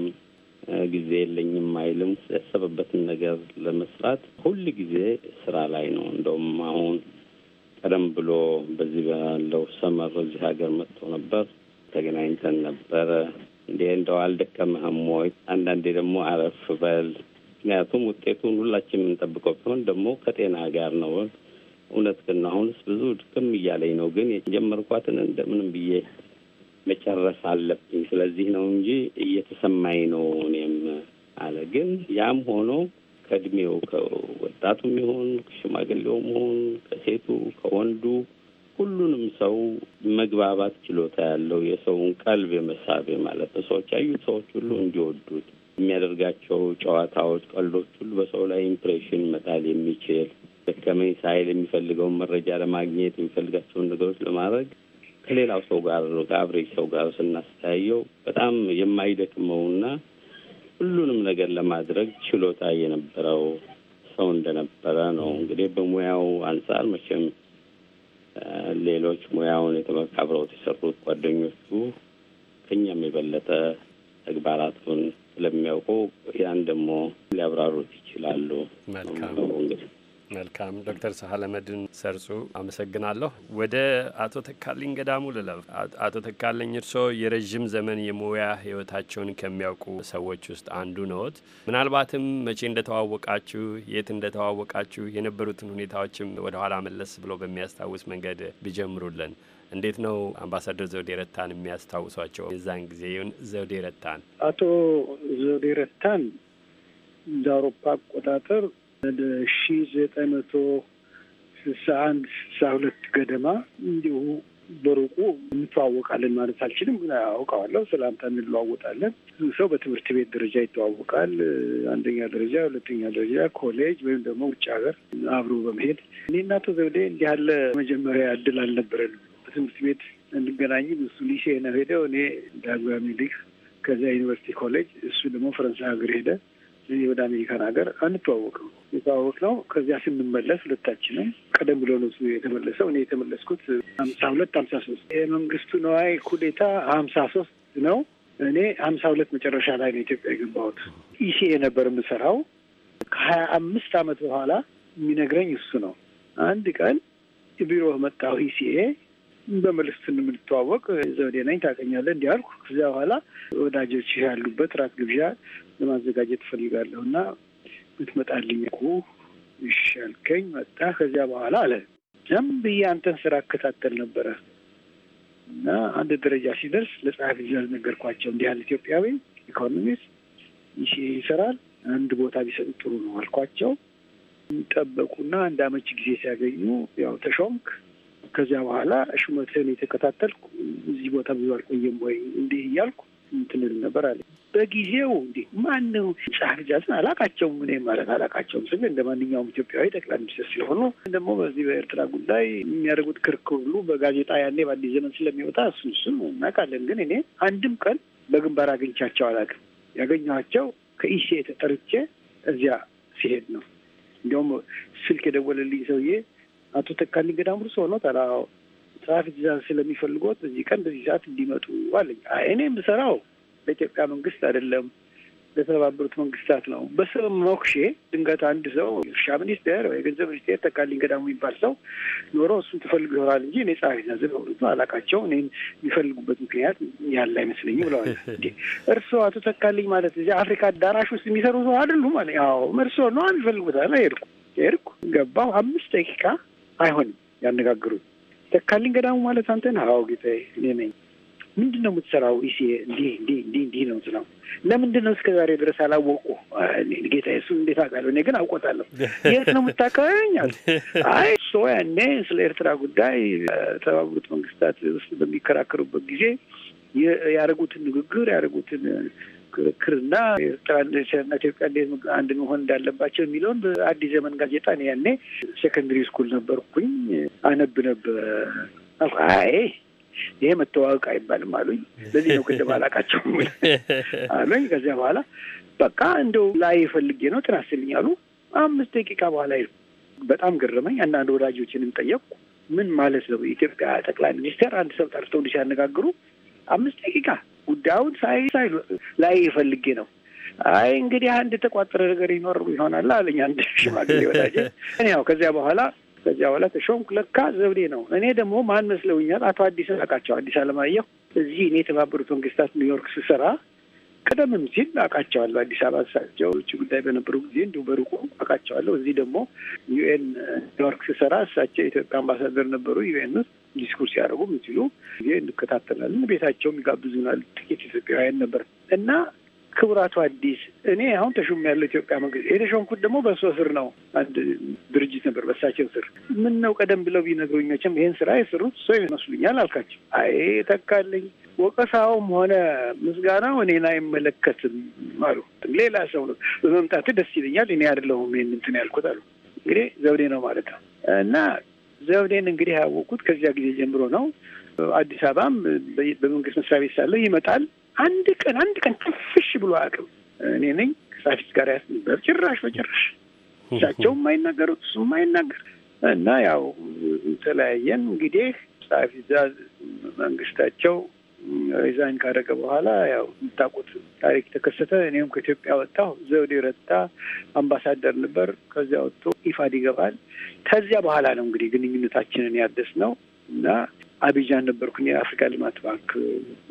ጊዜ የለኝም አይልም። ያሰበበትን ነገር ለመስራት ሁል ጊዜ ስራ ላይ ነው። እንደውም አሁን ቀደም ብሎ በዚህ ባለው ሰመር እዚህ ሀገር መጥቶ ነበር፣ ተገናኝተን ነበረ። እንዴ እንደው አልደከመህም ወይ? አንዳንዴ ደግሞ አረፍ በል። ምክንያቱም ውጤቱን ሁላችን የምንጠብቀው ቢሆን ደግሞ ከጤና ጋር ነው። እውነት ግን አሁንስ ብዙ ድክም እያለኝ ነው፣ ግን የጀመርኳትን እንደምንም ብዬ መጨረስ አለብኝ። ስለዚህ ነው እንጂ እየተሰማኝ ነው እኔም አለ። ግን ያም ሆኖ ከእድሜው ከወጣቱም ይሁን ከሽማግሌውም ይሁን ከሴቱ ከወንዱ ሁሉንም ሰው መግባባት ችሎታ ያለው የሰውን ቀልብ የመሳቤ ማለት ነው። ሰዎች ያዩት ሰዎች ሁሉ እንዲወዱት የሚያደርጋቸው ጨዋታዎች፣ ቀልዶች ሁሉ በሰው ላይ ኢምፕሬሽን መጣል የሚችል ደከመኝ ሳይል የሚፈልገውን መረጃ ለማግኘት የሚፈልጋቸውን ነገሮች ለማድረግ ከሌላው ሰው ጋር ከአብሬጅ ሰው ጋር ስናስተያየው በጣም የማይደክመውና ሁሉንም ነገር ለማድረግ ችሎታ የነበረው ሰው እንደነበረ ነው። እንግዲህ በሙያው አንጻር መቼም ሌሎች ሙያውን የተመካብረውት የሰሩት ጓደኞቹ ከኛም የበለጠ ተግባራቱን ስለሚያውቁ ያን ደግሞ ሊያብራሩት ይችላሉ። መልካም እንግዲህ መልካም ዶክተር ሳህለ መድን ሰርጹ አመሰግናለሁ። ወደ አቶ ተካልኝ ገዳሙ ልለፍ። አቶ ተካልኝ እርስዎ የረዥም ዘመን የሙያ ህይወታቸውን ከሚያውቁ ሰዎች ውስጥ አንዱ ነዎት። ምናልባትም መቼ እንደተዋወቃችሁ፣ የት እንደተዋወቃችሁ የነበሩትን ሁኔታዎችም ወደ ኋላ መለስ ብሎ በሚያስታውስ መንገድ ቢጀምሩልን። እንዴት ነው አምባሳደር ዘውዴ ረታን የሚያስታውሷቸው? የዛን ጊዜውን ዘውዴ ረታን አቶ ዘውዴ ረታን እንደ አውሮፓ አቆጣጠር ወደ ሺ ዘጠኝ መቶ ስልሳ አንድ ስልሳ ሁለት ገደማ እንዲሁ በሩቁ እንተዋወቃለን ማለት አልችልም፣ ግን አውቀዋለሁ። ሰላምታ እንለዋወጣለን። ብዙ ሰው በትምህርት ቤት ደረጃ ይተዋወቃል። አንደኛ ደረጃ፣ ሁለተኛ ደረጃ፣ ኮሌጅ ወይም ደግሞ ውጭ ሀገር አብሮ በመሄድ እኔ እና አቶ ዘውዴ እንዲህ ያለ መጀመሪያ እድል አልነበረን። በትምህርት ቤት እንገናኝም እሱ ሊሴ ነው ሄደው፣ እኔ ዳግማዊ ምኒልክ ከዚያ ዩኒቨርሲቲ ኮሌጅ፣ እሱ ደግሞ ፈረንሳይ ሀገር ሄደ ወደ አሜሪካን ሀገር አንተዋወቅም። የተዋወቅ ነው ከዚያ ስንመለስ ሁለታችንም ቀደም ብሎ ነው የተመለሰው። እኔ የተመለስኩት ሀምሳ ሁለት ሀምሳ ሶስት የመንግስቱ ነዋይ ኩዴታ ሀምሳ ሶስት ነው። እኔ ሀምሳ ሁለት መጨረሻ ላይ ነው ኢትዮጵያ የገባሁት። ኢሲኤ ነበር የምሰራው። ከሀያ አምስት አመት በኋላ የሚነግረኝ እሱ ነው። አንድ ቀን ቢሮ መጣሁ ኢሲኤ በመልእክት የምንተዋወቅ ዘውዴ ነኝ ታገኛለህ እንዲህ አልኩ። ከዚያ በኋላ ወዳጆች ያሉበት ራት ግብዣ ለማዘጋጀት እፈልጋለሁ እና ምትመጣልኝ እኮ እሺ አልከኝ። መጣ። ከዚያ በኋላ አለ ዝም ብዬ አንተን ስራ እከታተል ነበረ እና አንድ ደረጃ ሲደርስ ለጸሐፊ ትእዛዝ ነገርኳቸው። እንዲህ ያለ ኢትዮጵያዊ ኢኮኖሚስት ይሰራል፣ አንድ ቦታ ቢሰጥ ጥሩ ነው አልኳቸው። ጠበቁና አንድ አመች ጊዜ ሲያገኙ ያው ተሾምክ ከዚያ በኋላ ሹመትህን የተከታተልኩ እዚህ ቦታ ብዙ አልቆየም ወይ እንዲህ እያልኩ ምትንል ነበር አለ። በጊዜው እንዲህ ማነው ጸሐፊ ጃዝን አላቃቸውም። እኔ ማለት አላቃቸውም ስል እንደ ማንኛውም ኢትዮጵያዊ ጠቅላይ ሚኒስትር ስለሆኑ ደግሞ በዚህ በኤርትራ ጉዳይ የሚያደርጉት ክርክር ሁሉ በጋዜጣ ያኔ በአዲስ ዘመን ስለሚወጣ እሱን እሱን እናውቃለን። ግን እኔ አንድም ቀን በግንባር አግኝቻቸው አላውቅም። ያገኘኋቸው ከኢሴ ተጠርቼ እዚያ ሲሄድ ነው። እንዲያውም ስልክ የደወለልኝ ሰውዬ አቶ ተካሊ ገዳም ሁሉ ሰው ነው ተራ ትራፊክ ዛዝ ስለሚፈልጎት እዚህ ቀን በዚህ ሰዓት እንዲመጡ አለኝ። እኔ የምሰራው በኢትዮጵያ መንግስት አይደለም ለተባበሩት መንግስታት ነው። በስም ሞክሼ ድንገት አንድ ሰው እርሻ ሚኒስቴር ወይ ገንዘብ ሚኒስቴር ተካልኝ ገዳሙ የሚባል ሰው ኖሮ እሱን ትፈልጉ ይሆናል እንጂ እኔ ጸሐፊና ዘበብቱ አላቃቸው እኔን የሚፈልጉበት ምክንያት ያለ አይመስለኝም ብለዋል። እንዴ እርስዎ አቶ ተካልኝ ማለት እዚህ አፍሪካ አዳራሽ ውስጥ የሚሰሩ ሰው አይደሉም? አዎ እርስዎ ነው የሚፈልጉታል። ሄድኩ ሄድኩ ገባሁ አምስት ደቂቃ አይሆንም ያነጋግሩኝ። ተካልኝ ገዳሙ ማለት አንተን? አዎ ጌታዬ እኔ ነኝ። ምንድን ነው የምትሰራው? ኢሴ እንዲህ እንዲህ እንዲህ እንዲህ ነው ስለው፣ ለምንድን ነው እስከ ዛሬ ድረስ አላወቁ? ጌታ እሱ እንዴት አውቃለሁ? እኔ ግን አውቆታለሁ። የት ነው የምታቀኛል? አይ ሶ ያኔ ስለ ኤርትራ ጉዳይ ተባበሩት መንግስታት ውስጥ በሚከራከሩበት ጊዜ ያደረጉትን ንግግር ያደረጉትን ክርክርና ኤርትራን ኢትዮጵያ እንዴት አንድ መሆን እንዳለባቸው የሚለውን በአዲስ ዘመን ጋዜጣ ነው ያኔ ሴኮንድሪ ስኩል ነበርኩኝ አነብ ነበረ። አይ ይሄ መተዋወቅ አይባልም አሉኝ። ለዚህ ነው ቅድም አላቃቸው <laughs> አሉኝ። ከዚያ በኋላ በቃ እንደው ላይ ፈልጌ ነው ትናስልኝ አሉ። አምስት ደቂቃ በኋላ በጣም ገረመኝ። አንዳንድ ወዳጆችንም ጠየቅኩ። ምን ማለት ነው? የኢትዮጵያ ጠቅላይ ሚኒስቴር አንድ ሰው ጠርተው እንዲህ ሲያነጋግሩ አምስት ደቂቃ ጉዳዩን ሳይ ላይ ፈልጌ ነው። አይ እንግዲህ አንድ የተቋጠረ ነገር ይኖር ይሆናል አለኝ አንድ ሽማግሌ ወዳጅ። ያው ከዚያ በኋላ ከዚያ በኋላ ተሾምኩ። ለካ ዘብዴ ነው። እኔ ደግሞ ማን መስለውኛል? አቶ አዲስ አውቃቸው አዲስ አለማየሁ እዚህ እኔ የተባበሩት መንግስታት ኒውዮርክ ስሰራ ቀደምም ሲል አውቃቸዋለሁ። አዲስ አበባ እሳቸው ውጭ ጉዳይ በነበሩ ጊዜ እንዲሁ በሩቁ አውቃቸዋለሁ። እዚህ ደግሞ ዩኤን ኒውዮርክ ስሰራ እሳቸው የኢትዮጵያ አምባሳደር ነበሩ ዩኤን ውስጥ ዲስኩርስ ሲያደርጉ ሲሉ ጊዜ እንከታተላለን። ቤታቸውም ይጋብዙናል። ጥቂት ኢትዮጵያውያን ነበር እና ክቡራቱ አዲስ እኔ አሁን ተሹም ያለው ኢትዮጵያ መንግስት የተሾምኩት ደግሞ በሶ ስር ነው። አንድ ድርጅት ነበር በሳቸው ስር። ምን ነው ቀደም ብለው ቢነግሩኝ ይህን ስራ የሰሩት ሰው ይመስሉኛል አልካቸው። አይ ተካልኝ፣ ወቀሳውም ሆነ ምስጋናው እኔን አይመለከትም አሉ። ሌላ ሰው ነው። በመምጣት ደስ ይለኛል። እኔ አይደለሁም ይህን እንትን ያልኩት አሉ። እንግዲህ ዘውዴ ነው ማለት ነው እና ዘውዴን እንግዲህ ያወቁት ከዚያ ጊዜ ጀምሮ ነው። አዲስ አበባም በመንግስት መስሪያ ቤት ሳለ ይመጣል። አንድ ቀን አንድ ቀን ትንፍሽ ብሎ አቅም እኔ ነኝ ከጻፊት ጋር ጭራሽ በጭራሽ እሳቸው የማይናገሩት እሱ የማይናገር እና ያው ተለያየን። እንግዲህ ጻፊ መንግስታቸው ሪዛይን ካደረገ በኋላ ያው የምታውቁት ታሪክ ተከሰተ። እኔም ከኢትዮጵያ ወጣሁ። ዘውዴ ረታ አምባሳደር ነበር። ከዚያ ወጥቶ ኢፋድ ይገባል። ከዚያ በኋላ ነው እንግዲህ ግንኙነታችንን ያደስ ነው እና አቢጃን ነበርኩኝ የአፍሪካ ልማት ባንክ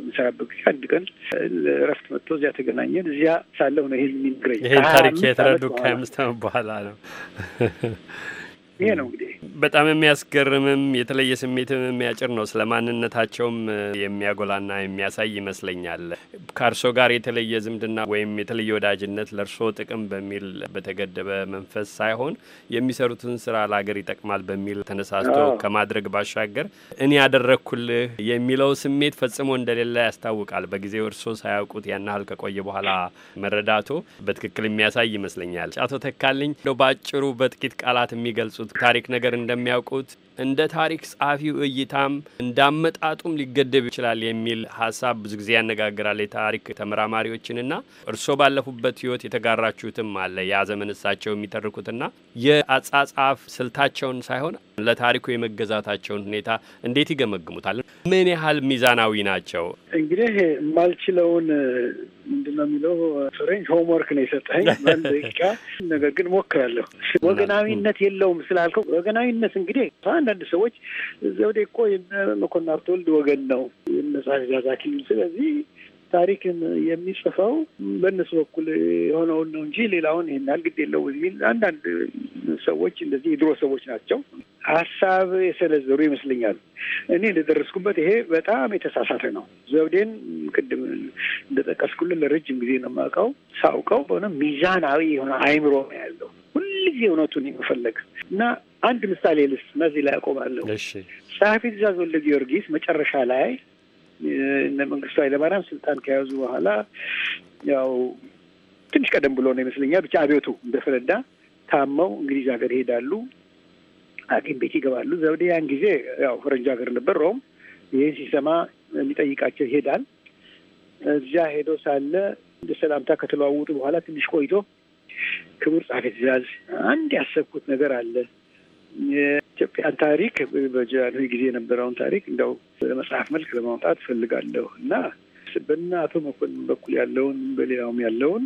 የምሰራበት ጊዜ አንድ ቀን እረፍት መጥቶ እዚያ ተገናኘን። እዚያ ሳለሁ ነው ይህን የሚነግረኝ። ይህን ታሪክ የተረዱ ከአምስት ዓመት በኋላ ነው ይሄ ነው እንግዲህ በጣም የሚያስገርምም የተለየ ስሜትም የሚያጭር ነው። ስለ ማንነታቸውም የሚያጎላና የሚያሳይ ይመስለኛል። ከእርሶ ጋር የተለየ ዝምድና ወይም የተለየ ወዳጅነት ለእርሶ ጥቅም በሚል በተገደበ መንፈስ ሳይሆን የሚሰሩትን ስራ ለሀገር ይጠቅማል በሚል ተነሳስቶ ከማድረግ ባሻገር እኔ ያደረግኩልህ የሚለው ስሜት ፈጽሞ እንደሌለ ያስታውቃል። በጊዜው እርስዎ ሳያውቁት ያን ያህል ከቆየ በኋላ መረዳቶ በትክክል የሚያሳይ ይመስለኛል። አቶ ተካልኝ እንደው በአጭሩ በጥቂት ቃላት የሚገልጹት ታሪክ ነገር እንደሚያውቁት እንደ ታሪክ ጸሐፊው እይታም እንዳመጣጡም ሊገደብ ይችላል የሚል ሀሳብ ብዙ ጊዜ ያነጋግራል የታሪክ ተመራማሪዎችንና እርስዎ ባለፉበት ህይወት የተጋራችሁትም አለ ያ ዘመን እሳቸው የሚተርኩትና የአጻጻፍ ስልታቸውን ሳይሆን ለታሪኩ የመገዛታቸውን ሁኔታ እንዴት ይገመግሙታል? ምን ያህል ሚዛናዊ ናቸው? እንግዲህ የማልችለውን ምንድን ነው የሚለው ፍሬንች ሆምወርክ ነው የሰጠኝ በአንድ ደቂቃ። ነገር ግን ሞክራለሁ። ወገናዊነት የለውም ስላልከው ወገናዊነት እንግዲህ አንዳንድ ሰዎች ዘውዴ እኮ መኮንን አብተወልድ ወገን ነው የነጻፊ ዛዛኪ ስለዚህ ታሪክን የሚጽፈው በእነሱ በኩል የሆነውን ነው እንጂ ሌላውን ይሄን ግድ የለው የሚል አንዳንድ ሰዎች እንደዚህ የድሮ ሰዎች ናቸው። ሀሳብ የሰነዘሩ ይመስለኛል። እኔ እንደደረስኩበት ይሄ በጣም የተሳሳተ ነው። ዘውዴን ቅድም እንደጠቀስኩልን ለረጅም ጊዜ ነው የማውቀው። ሳውቀው በሆነ ሚዛናዊ የሆነ አይምሮ ነው ያለው ሁልጊዜ እውነቱን የመፈለግ እና አንድ ምሳሌ ልስ እና ላይ አቆማለሁ። ጸሐፊ ትእዛዝ ወልደ ጊዮርጊስ መጨረሻ ላይ እነ መንግስቱ ኃይለማርያም ስልጣን ከያዙ በኋላ ያው ትንሽ ቀደም ብሎ ነው ይመስለኛል ብቻ አቤቱ እንደፈነዳ ታመው እንግሊዝ ሀገር ይሄዳሉ። ሐኪም ቤት ይገባሉ። ዘውዴ ያን ጊዜ ያው ፈረንጅ ሀገር ነበር ሮም። ይህን ሲሰማ የሚጠይቃቸው ይሄዳል። እዚያ ሄዶ ሳለ እንደ ሰላምታ ከተለዋወጡ በኋላ ትንሽ ቆይቶ ክቡር ጸሐፌ ትእዛዝ፣ አንድ ያሰብኩት ነገር አለ። የኢትዮጵያን ታሪክ በጃንሆይ ጊዜ የነበረውን ታሪክ እንደው በመጽሐፍ መልክ ለማውጣት ፈልጋለሁ እና በእነ አቶ መኮንን በኩል ያለውን በሌላውም ያለውን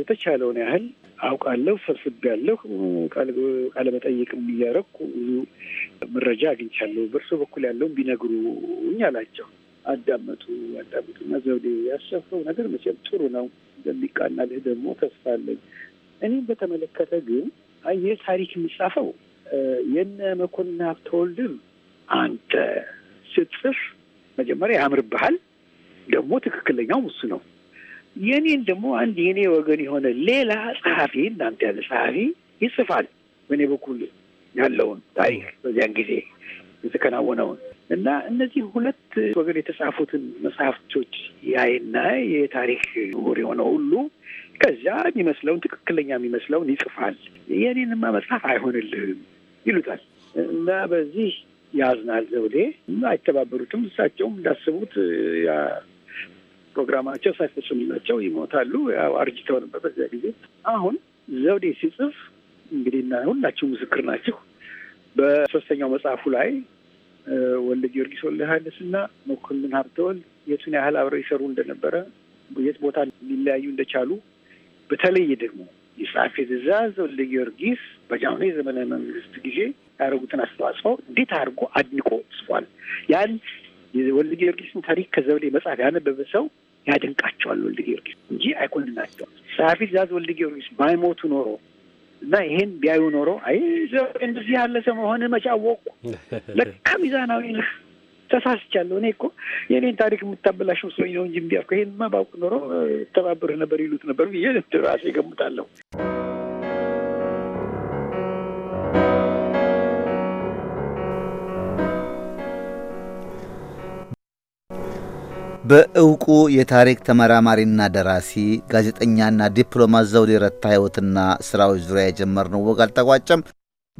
የተቻለውን ያህል አውቃለሁ፣ ሰብስቤያለሁ፣ ያለሁ እያደረኩ ብዙ መረጃ አግኝቻለሁ። በእርሶ በኩል ያለውን ቢነግሩኝ አላቸው። አዳመጡ አዳመጡ ዘውዴ ያሰፈው ነገር መቼም ጥሩ ነው፣ እንደሚቃናልህ ደግሞ ተስፋ አለኝ። እኔም በተመለከተ ግን ይህ ታሪክ የሚጻፈው የነ መኮንን ሀብተወልድን አንተ ስትጽፍ መጀመሪያ ያምርብሃል፣ ደግሞ ትክክለኛው እሱ ነው። የኔን ደግሞ አንድ የኔ ወገን የሆነ ሌላ ጸሐፊ እናንተ ያለ ጸሐፊ ይጽፋል በእኔ በኩል ያለውን ታሪክ በዚያን ጊዜ የተከናወነውን እና እነዚህ ሁለት ወገን የተጻፉትን መጽሐፍቶች ያይና የታሪክ ውር የሆነ ሁሉ ከዚያ የሚመስለውን ትክክለኛ የሚመስለውን ይጽፋል። የኔንማ መጽሐፍ አይሆንልህም ይሉታል እና በዚህ ያዝናል ዘውዴ። አይተባበሩትም። እሳቸውም እንዳስቡት ፕሮግራማቸው ሳይፈጽምላቸው ይሞታሉ። ያው አርጅተው ነበር በዚያ ጊዜ። አሁን ዘውዴ ሲጽፍ እንግዲህ ሁላችሁ ምስክር ናችሁ። በሶስተኛው መጽሐፉ ላይ ወልደ ጊዮርጊስ ወልደ ሀይልስ እና መኮንን ሀብተወልድ የቱን ያህል አብረው ይሰሩ እንደነበረ የት ቦታ ሊለያዩ እንደቻሉ በተለይ ደግሞ የጸሐፌ ትእዛዝ ወልደ ጊዮርጊስ በጃንሆይ ዘመነ መንግስት ጊዜ ያደረጉትን አስተዋጽኦ እንዴት አድርጎ አድንቆ ጽፏል። ያን የወልደ ጊዮርጊስን ታሪክ ከዘውዴ መጽሐፍ ያነበበ ሰው ያደንቃቸዋል ወልደ ጊዮርጊስ እንጂ አይኮንናቸውም። ጸሐፊ ትእዛዝ ወልደ ጊዮርጊስ ባይሞቱ ኖሮ እና ይሄን ቢያዩ ኖሮ አይ እንደዚህ ያለ ሰው መሆን መጫወቁ <laughs> ለካ ሚዛናዊ ነህ፣ ተሳስቻለሁ። እኔ እኮ የኔን ታሪክ የምታበላሽ መስሎኝ ነው እንጂ እምቢ ይሄን ማባውቅ ኖሮ ተባብርህ ነበር ይሉት ነበር ብዬ ራሴ እገምታለሁ። በእውቁ የታሪክ ተመራማሪና ደራሲ ጋዜጠኛና ዲፕሎማት ዘውዴ ረታ ህይወትና ስራዎች ዙሪያ የጀመርነው ወግ አልተቋጨም።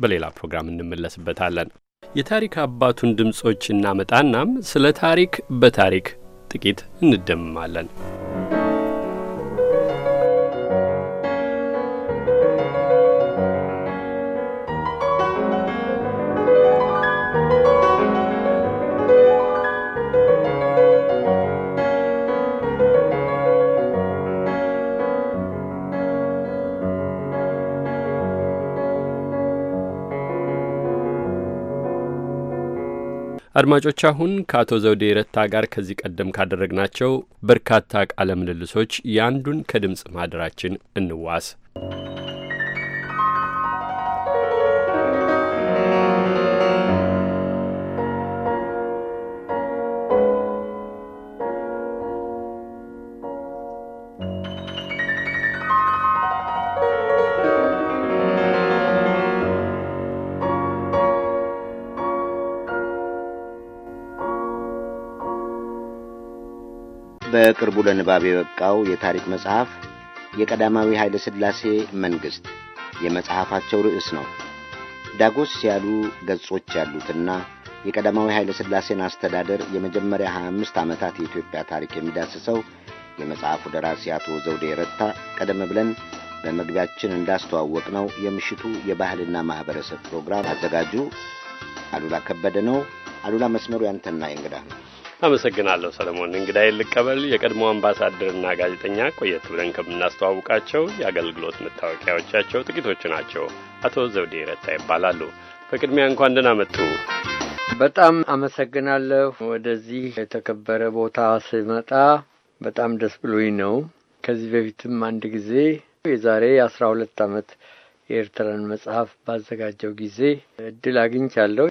በሌላ ፕሮግራም እንመለስበታለን። የታሪክ አባቱን ድምፆች እናመጣናም ስለ ታሪክ በታሪክ ጥቂት እንደምማለን። አድማጮች አሁን ከአቶ ዘውዴ ረታ ጋር ከዚህ ቀደም ካደረግናቸው በርካታ ቃለ ምልልሶች የአንዱን ከድምፅ ማህደራችን እንዋስ። በቅርቡ ለንባብ የበቃው የታሪክ መጽሐፍ የቀዳማዊ ኃይለ ሥላሴ መንግሥት የመጽሐፋቸው ርዕስ ነው። ዳጎስ ያሉ ገጾች ያሉትና የቀዳማዊ ኃይለ ሥላሴን አስተዳደር የመጀመሪያ 25 ዓመታት የኢትዮጵያ ታሪክ የሚዳስሰው የመጽሐፉ ደራሲ አቶ ዘውዴ ረታ ቀደም ብለን በመግቢያችን እንዳስተዋወቅ ነው የምሽቱ የባህልና ማኅበረሰብ ፕሮግራም አዘጋጁ አሉላ ከበደ ነው። አሉላ መስመሩ ያንተና እንግዳ ነው። አመሰግናለሁ ሰለሞን። እንግዳ ልቀበል የቀድሞ አምባሳደርና ጋዜጠኛ ቆየት ብለን ከምናስተዋውቃቸው የአገልግሎት መታወቂያዎቻቸው ጥቂቶቹ ናቸው። አቶ ዘውዴ ረታ ይባላሉ። በቅድሚያ እንኳን ደህና መጡ። በጣም አመሰግናለሁ። ወደዚህ የተከበረ ቦታ ስመጣ በጣም ደስ ብሎኝ ነው። ከዚህ በፊትም አንድ ጊዜ የዛሬ አስራ ሁለት ዓመት የኤርትራን መጽሐፍ ባዘጋጀው ጊዜ እድል አግኝቻለሁ።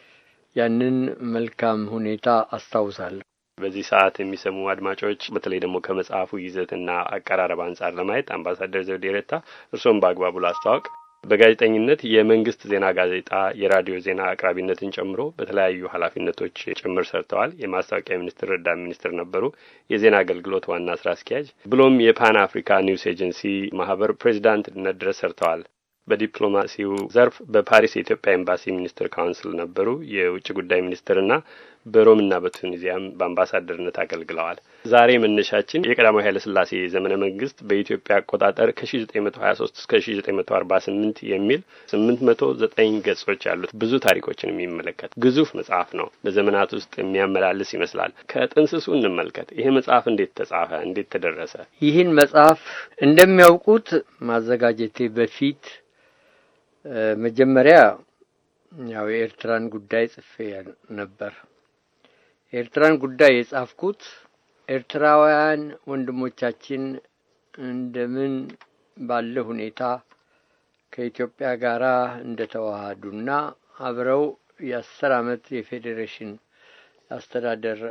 ያንን መልካም ሁኔታ አስታውሳለሁ። በዚህ ሰዓት የሚሰሙ አድማጮች በተለይ ደግሞ ከመጽሐፉ ይዘትና አቀራረብ አንጻር ለማየት አምባሳደር ዘውዴ ረታ እርስዎም በአግባቡ ላስተዋወቅ በጋዜጠኝነት የመንግስት ዜና ጋዜጣ፣ የራዲዮ ዜና አቅራቢነትን ጨምሮ በተለያዩ ኃላፊነቶች ጭምር ሰርተዋል። የማስታወቂያ ሚኒስትር ረዳት ሚኒስትር ነበሩ። የዜና አገልግሎት ዋና ስራ አስኪያጅ ብሎም የፓን አፍሪካ ኒውስ ኤጀንሲ ማህበር ፕሬዚዳንትነት ድረስ ሰርተዋል። በዲፕሎማሲው ዘርፍ በፓሪስ የኢትዮጵያ ኤምባሲ ሚኒስትር ካውንስል ነበሩ። የውጭ ጉዳይ ሚኒስትርና በሮምና በቱኒዚያም በአምባሳደርነት አገልግለዋል። ዛሬ መነሻችን የቀዳማዊ ስላሴ ዘመነ መንግስት በኢትዮጵያ አቆጣጠር ከ1923 እስከ 1948 የሚል 809 ገጾች ያሉት ብዙ ታሪኮችን የሚመለከት ግዙፍ መጽሐፍ ነው። በዘመናት ውስጥ የሚያመላልስ ይመስላል። ከጥንስሱ እንመልከት። ይሄ መጽሐፍ እንዴት ተጻፈ? እንዴት ተደረሰ? ይህን መጽሐፍ እንደሚያውቁት ማዘጋጀቴ በፊት መጀመሪያ ያው የኤርትራን ጉዳይ ጽፌ ነበር። ኤርትራን ጉዳይ የጻፍኩት ኤርትራውያን ወንድሞቻችን እንደምን ባለ ሁኔታ ከኢትዮጵያ ጋር እንደተዋሃዱና አብረው የአስር ዓመት የፌዴሬሽን አስተዳደር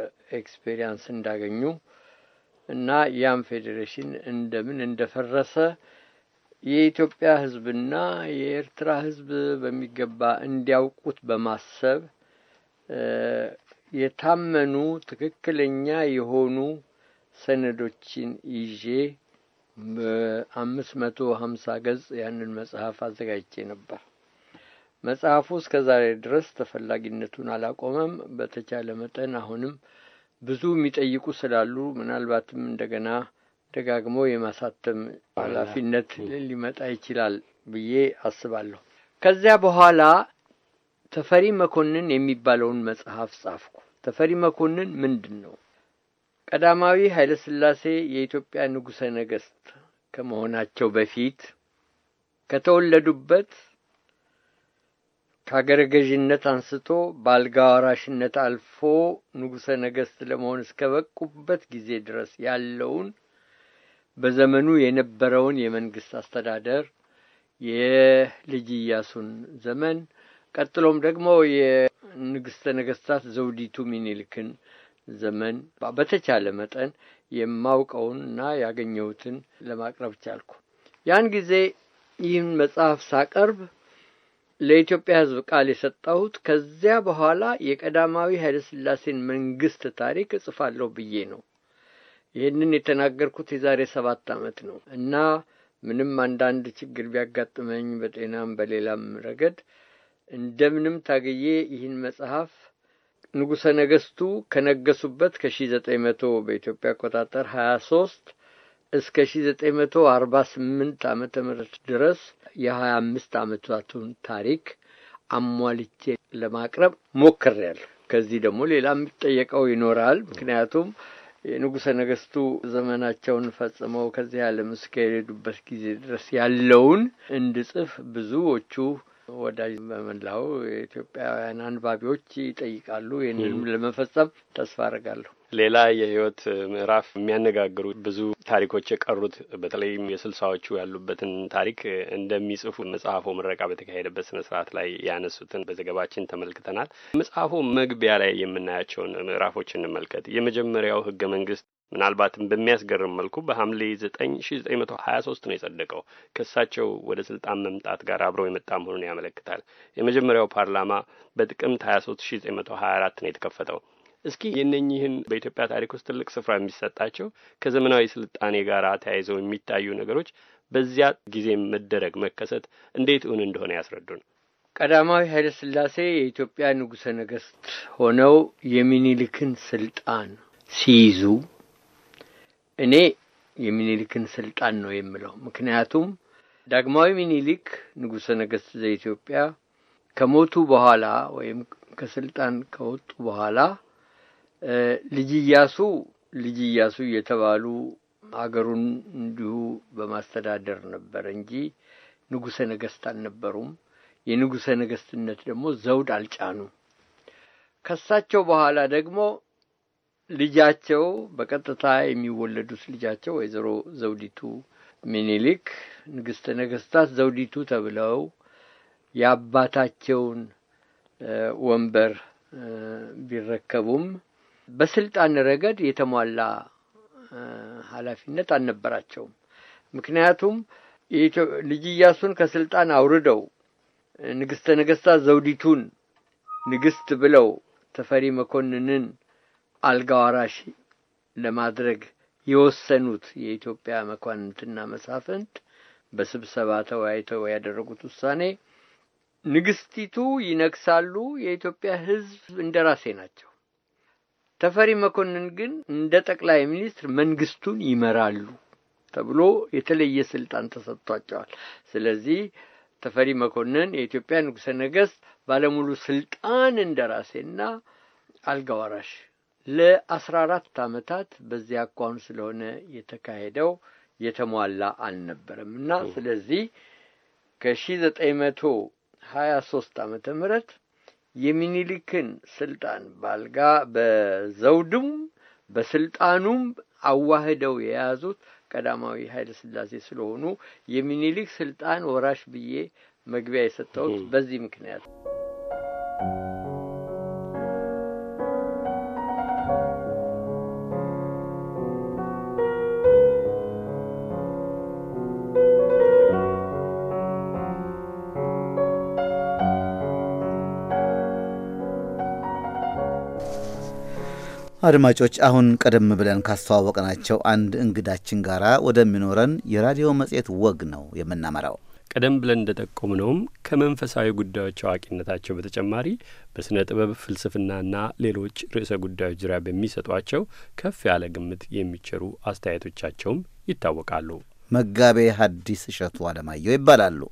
ኤክስፔሪንስ እንዳገኙ እና ያም ፌዴሬሽን እንደምን እንደፈረሰ የኢትዮጵያ ሕዝብና የኤርትራ ሕዝብ በሚገባ እንዲያውቁት በማሰብ የታመኑ ትክክለኛ የሆኑ ሰነዶችን ይዤ በአምስት መቶ ሀምሳ ገጽ ያንን መጽሐፍ አዘጋጅቼ ነበር። መጽሐፉ እስከ ዛሬ ድረስ ተፈላጊነቱን አላቆመም። በተቻለ መጠን አሁንም ብዙ የሚጠይቁ ስላሉ ምናልባትም እንደገና ደጋግሞ የማሳተም ኃላፊነት ሊመጣ ይችላል ብዬ አስባለሁ። ከዚያ በኋላ ተፈሪ መኮንን የሚባለውን መጽሐፍ ጻፍኩ። ተፈሪ መኮንን ምንድን ነው? ቀዳማዊ ኃይለ ሥላሴ የኢትዮጵያ ንጉሠ ነገሥት ከመሆናቸው በፊት ከተወለዱበት ከአገረ ገዥነት አንስቶ በአልጋ ወራሽነት አልፎ ንጉሠ ነገሥት ለመሆን እስከበቁበት ጊዜ ድረስ ያለውን በዘመኑ የነበረውን የመንግሥት አስተዳደር የልጅ ኢያሱን ዘመን ቀጥሎም ደግሞ ንግሥተ ነገሥታት ዘውዲቱ ሚኒልክን ዘመን በተቻለ መጠን የማውቀውንና ያገኘሁትን ለማቅረብ ቻልኩ። ያን ጊዜ ይህን መጽሐፍ ሳቀርብ ለኢትዮጵያ ሕዝብ ቃል የሰጠሁት ከዚያ በኋላ የቀዳማዊ ኃይለሥላሴን መንግስት ታሪክ እጽፋለሁ ብዬ ነው። ይህንን የተናገርኩት የዛሬ ሰባት ዓመት ነው እና ምንም አንዳንድ ችግር ቢያጋጥመኝ በጤናም በሌላም ረገድ እንደምንም ታግዬ ይህን መጽሐፍ ንጉሠ ነገሥቱ ከነገሱበት ከ1900 በኢትዮጵያ አቆጣጠር 23 እስከ 1948 ዓመተ ምህረት ድረስ የ25 ዓመታቱን ታሪክ አሟልቼ ለማቅረብ ሞክሬያለሁ። ከዚህ ደግሞ ሌላ የሚጠየቀው ይኖራል። ምክንያቱም የንጉሠ ነገሥቱ ዘመናቸውን ፈጽመው ከዚህ ዓለም እስከ ሄዱበት ጊዜ ድረስ ያለውን እንድጽፍ ብዙዎቹ ወዳጅ በመላው የኢትዮጵያውያን አንባቢዎች ይጠይቃሉ። ይህንንም ለመፈጸም ተስፋ አረጋለሁ። ሌላ የህይወት ምዕራፍ የሚያነጋግሩ ብዙ ታሪኮች የቀሩት በተለይም የስልሳዎቹ ያሉበትን ታሪክ እንደሚጽፉ መጽሐፎ ምረቃ በተካሄደበት ስነ ስርዓት ላይ ያነሱትን በዘገባችን ተመልክተናል። መጽሐፎ መግቢያ ላይ የምናያቸውን ምዕራፎች እንመልከት። የመጀመሪያው ህገ መንግስት ምናልባትም በሚያስገርም መልኩ በሐምሌ 9923 ነው የጸደቀው። ከእሳቸው ወደ ስልጣን መምጣት ጋር አብረው የመጣ መሆኑን ያመለክታል። የመጀመሪያው ፓርላማ በጥቅምት 23 1924 ነው የተከፈተው። እስኪ የነኚህን በኢትዮጵያ ታሪክ ውስጥ ትልቅ ስፍራ የሚሰጣቸው ከዘመናዊ ስልጣኔ ጋር ተያይዘው የሚታዩ ነገሮች በዚያ ጊዜ መደረግ መከሰት እንዴት እውን እንደሆነ ያስረዱን። ቀዳማዊ ኃይለ ሥላሴ የኢትዮጵያ ንጉሠ ነገሥት ሆነው የሚኒልክን ስልጣን ሲይዙ እኔ የሚኒሊክን ስልጣን ነው የምለው። ምክንያቱም ዳግማዊ ሚኒሊክ ንጉሠ ነገሥት ዘኢትዮጵያ ከሞቱ በኋላ ወይም ከስልጣን ከወጡ በኋላ ልጅ እያሱ ልጅ እያሱ የተባሉ አገሩን እንዲሁ በማስተዳደር ነበር እንጂ ንጉሠ ነገሥት አልነበሩም። የንጉሠ ነገሥትነት ደግሞ ዘውድ አልጫኑ። ከሳቸው በኋላ ደግሞ ልጃቸው በቀጥታ የሚወለዱት ልጃቸው ወይዘሮ ዘውዲቱ ሚኒሊክ ንግስተ ነገስታት ዘውዲቱ ተብለው የአባታቸውን ወንበር ቢረከቡም በስልጣን ረገድ የተሟላ ኃላፊነት አልነበራቸውም። ምክንያቱም ልጅ እያሱን ከስልጣን አውርደው ንግስተ ነገስታት ዘውዲቱን ንግስት ብለው ተፈሪ መኮንንን አልጋዋራሽ ለማድረግ የወሰኑት የኢትዮጵያ መኳንንትና መሳፍንት በስብሰባ ተወያይተው ያደረጉት ውሳኔ ንግስቲቱ ይነግሳሉ፣ የኢትዮጵያ ሕዝብ እንደራሴ ናቸው። ተፈሪ መኮንን ግን እንደ ጠቅላይ ሚኒስትር መንግስቱን ይመራሉ ተብሎ የተለየ ስልጣን ተሰጥቷቸዋል። ስለዚህ ተፈሪ መኮንን የኢትዮጵያ ንጉሠ ነገሥት ባለሙሉ ስልጣን እንደራሴና አልጋወራሽ ለአስራ አራት ዓመታት በዚያ አኳኑ ስለሆነ የተካሄደው የተሟላ አልነበረም እና ስለዚህ ከሺ ዘጠኝ መቶ ሀያ ሶስት ዓመተ ምህረት የሚኒሊክን ስልጣን ባልጋ በዘውድም በስልጣኑም አዋህደው የያዙት ቀዳማዊ ኃይለ ሥላሴ ስለሆኑ የሚኒሊክ ስልጣን ወራሽ ብዬ መግቢያ የሰጠሁት በዚህ ምክንያት አድማጮች አሁን ቀደም ብለን ካስተዋወቅናቸው አንድ እንግዳችን ጋር ወደሚኖረን የራዲዮ መጽሔት ወግ ነው የምናመራው። ቀደም ብለን እንደጠቆምነውም ከመንፈሳዊ ጉዳዮች አዋቂነታቸው በተጨማሪ በሥነ ጥበብ ፍልስፍናና ሌሎች ርዕሰ ጉዳዮች ዙሪያ በሚሰጧቸው ከፍ ያለ ግምት የሚቸሩ አስተያየቶቻቸውም ይታወቃሉ። መጋቤ ሐዲስ እሸቱ አለማየሁ ይባላሉ።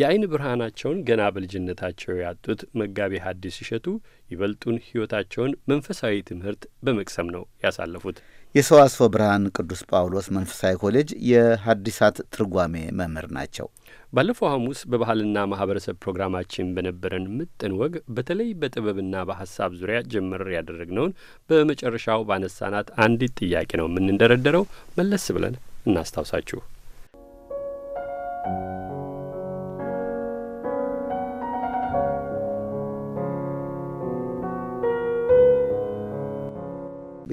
የአይን ብርሃናቸውን ገና በልጅነታቸው ያጡት መጋቢ ሐዲስ ይሸቱ ይበልጡን ሕይወታቸውን መንፈሳዊ ትምህርት በመቅሰም ነው ያሳለፉት። የሰዋስወ ብርሃን ቅዱስ ጳውሎስ መንፈሳዊ ኮሌጅ የሐዲሳት ትርጓሜ መምህር ናቸው። ባለፈው ሐሙስ በባህልና ማህበረሰብ ፕሮግራማችን በነበረን ምጥን ወግ በተለይ በጥበብና በሀሳብ ዙሪያ ጀመር ያደረግነውን በመጨረሻው ባነሳናት አንዲት ጥያቄ ነው የምንደረደረው። መለስ ብለን እናስታውሳችሁ።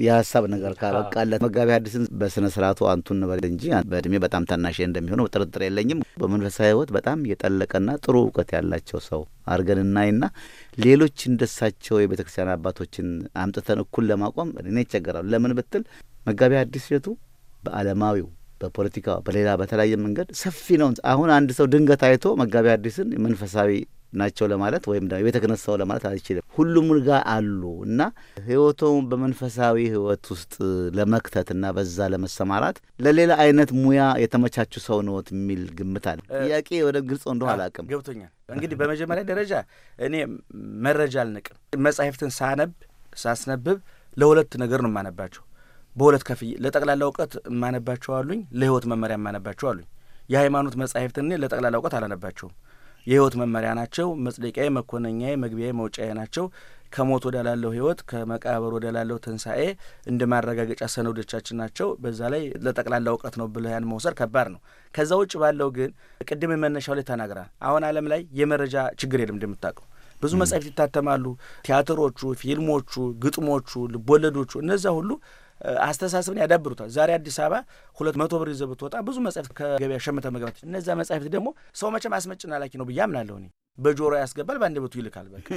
የሀሳብ ነገር ካበቃለት መጋቢ ሐዲስን በስነ ስርዓቱ አንቱ እንበል እንጂ በእድሜ በጣም ታናሽ እንደሚሆነው ጥርጥር የለኝም። በመንፈሳዊ ህይወት በጣም የጠለቀና ጥሩ እውቀት ያላቸው ሰው አድርገን እናይና ሌሎች እንደሳቸው የቤተ ክርስቲያን አባቶችን አምጥተን እኩል ለማቆም እኔ ይቸገራሉ። ለምን ብትል መጋቢ ሐዲስ ቤቱ በአለማዊው በፖለቲካ በሌላ በተለያየ መንገድ ሰፊ ነው። አሁን አንድ ሰው ድንገት አይቶ መጋቢ ሐዲስን መንፈሳዊ ናቸው ለማለት ወይም የቤተ የተገነሳው ለማለት አይችልም። ሁሉም ጋር አሉ እና ህይወቱን በመንፈሳዊ ህይወት ውስጥ ለመክተት እና በዛ ለመሰማራት ለሌላ አይነት ሙያ የተመቻቹ ሰው ነዎት የሚል ግምት አለ። ጥያቄ ወደ ግልጽ እንደሆነ አላቅም ገብቶኛል። እንግዲህ በመጀመሪያ ደረጃ እኔ መረጃ አልንቅም። መጽሐፍትን ሳነብ ሳስነብብ ለሁለት ነገር ነው የማነባቸው በሁለት ከፍዬ ለጠቅላላ እውቀት የማነባቸው አሉኝ፣ ለህይወት መመሪያ የማነባቸው አሉኝ። የሃይማኖት መጽሐፍትን እኔ ለጠቅላላ እውቀት አላነባቸውም። የህይወት መመሪያ ናቸው። መጽደቂያዬ፣ መኮነኛዬ፣ መግቢያዬ፣ መውጫዬ ናቸው። ከሞት ላለው ህይወት ከመቃብር ላለው ትንሣኤ እንደ ማረጋገጫ ሰነዶቻችን ናቸው። በዛ ላይ ለጠቅላላ እውቀት ነው ብለህ ያን መውሰድ ከባድ ነው። ከዛ ውጭ ባለው ግን ቅድም መነሻው ላይ ተናግራል። አሁን ዓለም ላይ የመረጃ ችግር የለም እንደምታውቀው ብዙ መጽሐፍት ይታተማሉ። ቲያትሮቹ፣ ፊልሞቹ፣ ግጥሞቹ፣ ልቦለዶቹ እነዛ ሁሉ አስተሳሰብን ያዳብሩታል። ዛሬ አዲስ አበባ ሁለት መቶ ብር ይዘህ ብትወጣ ብዙ መጽሐፍት ከገበያ ሸምተህ መግባት። እነዚያ መጽሐፍት ደግሞ ሰው መቼም አስመጭና ላኪ ነው ብዬ አምናለሁ እኔ። በጆሮ ያስገባል በአንድ ቤቱ ይልካል። በቃ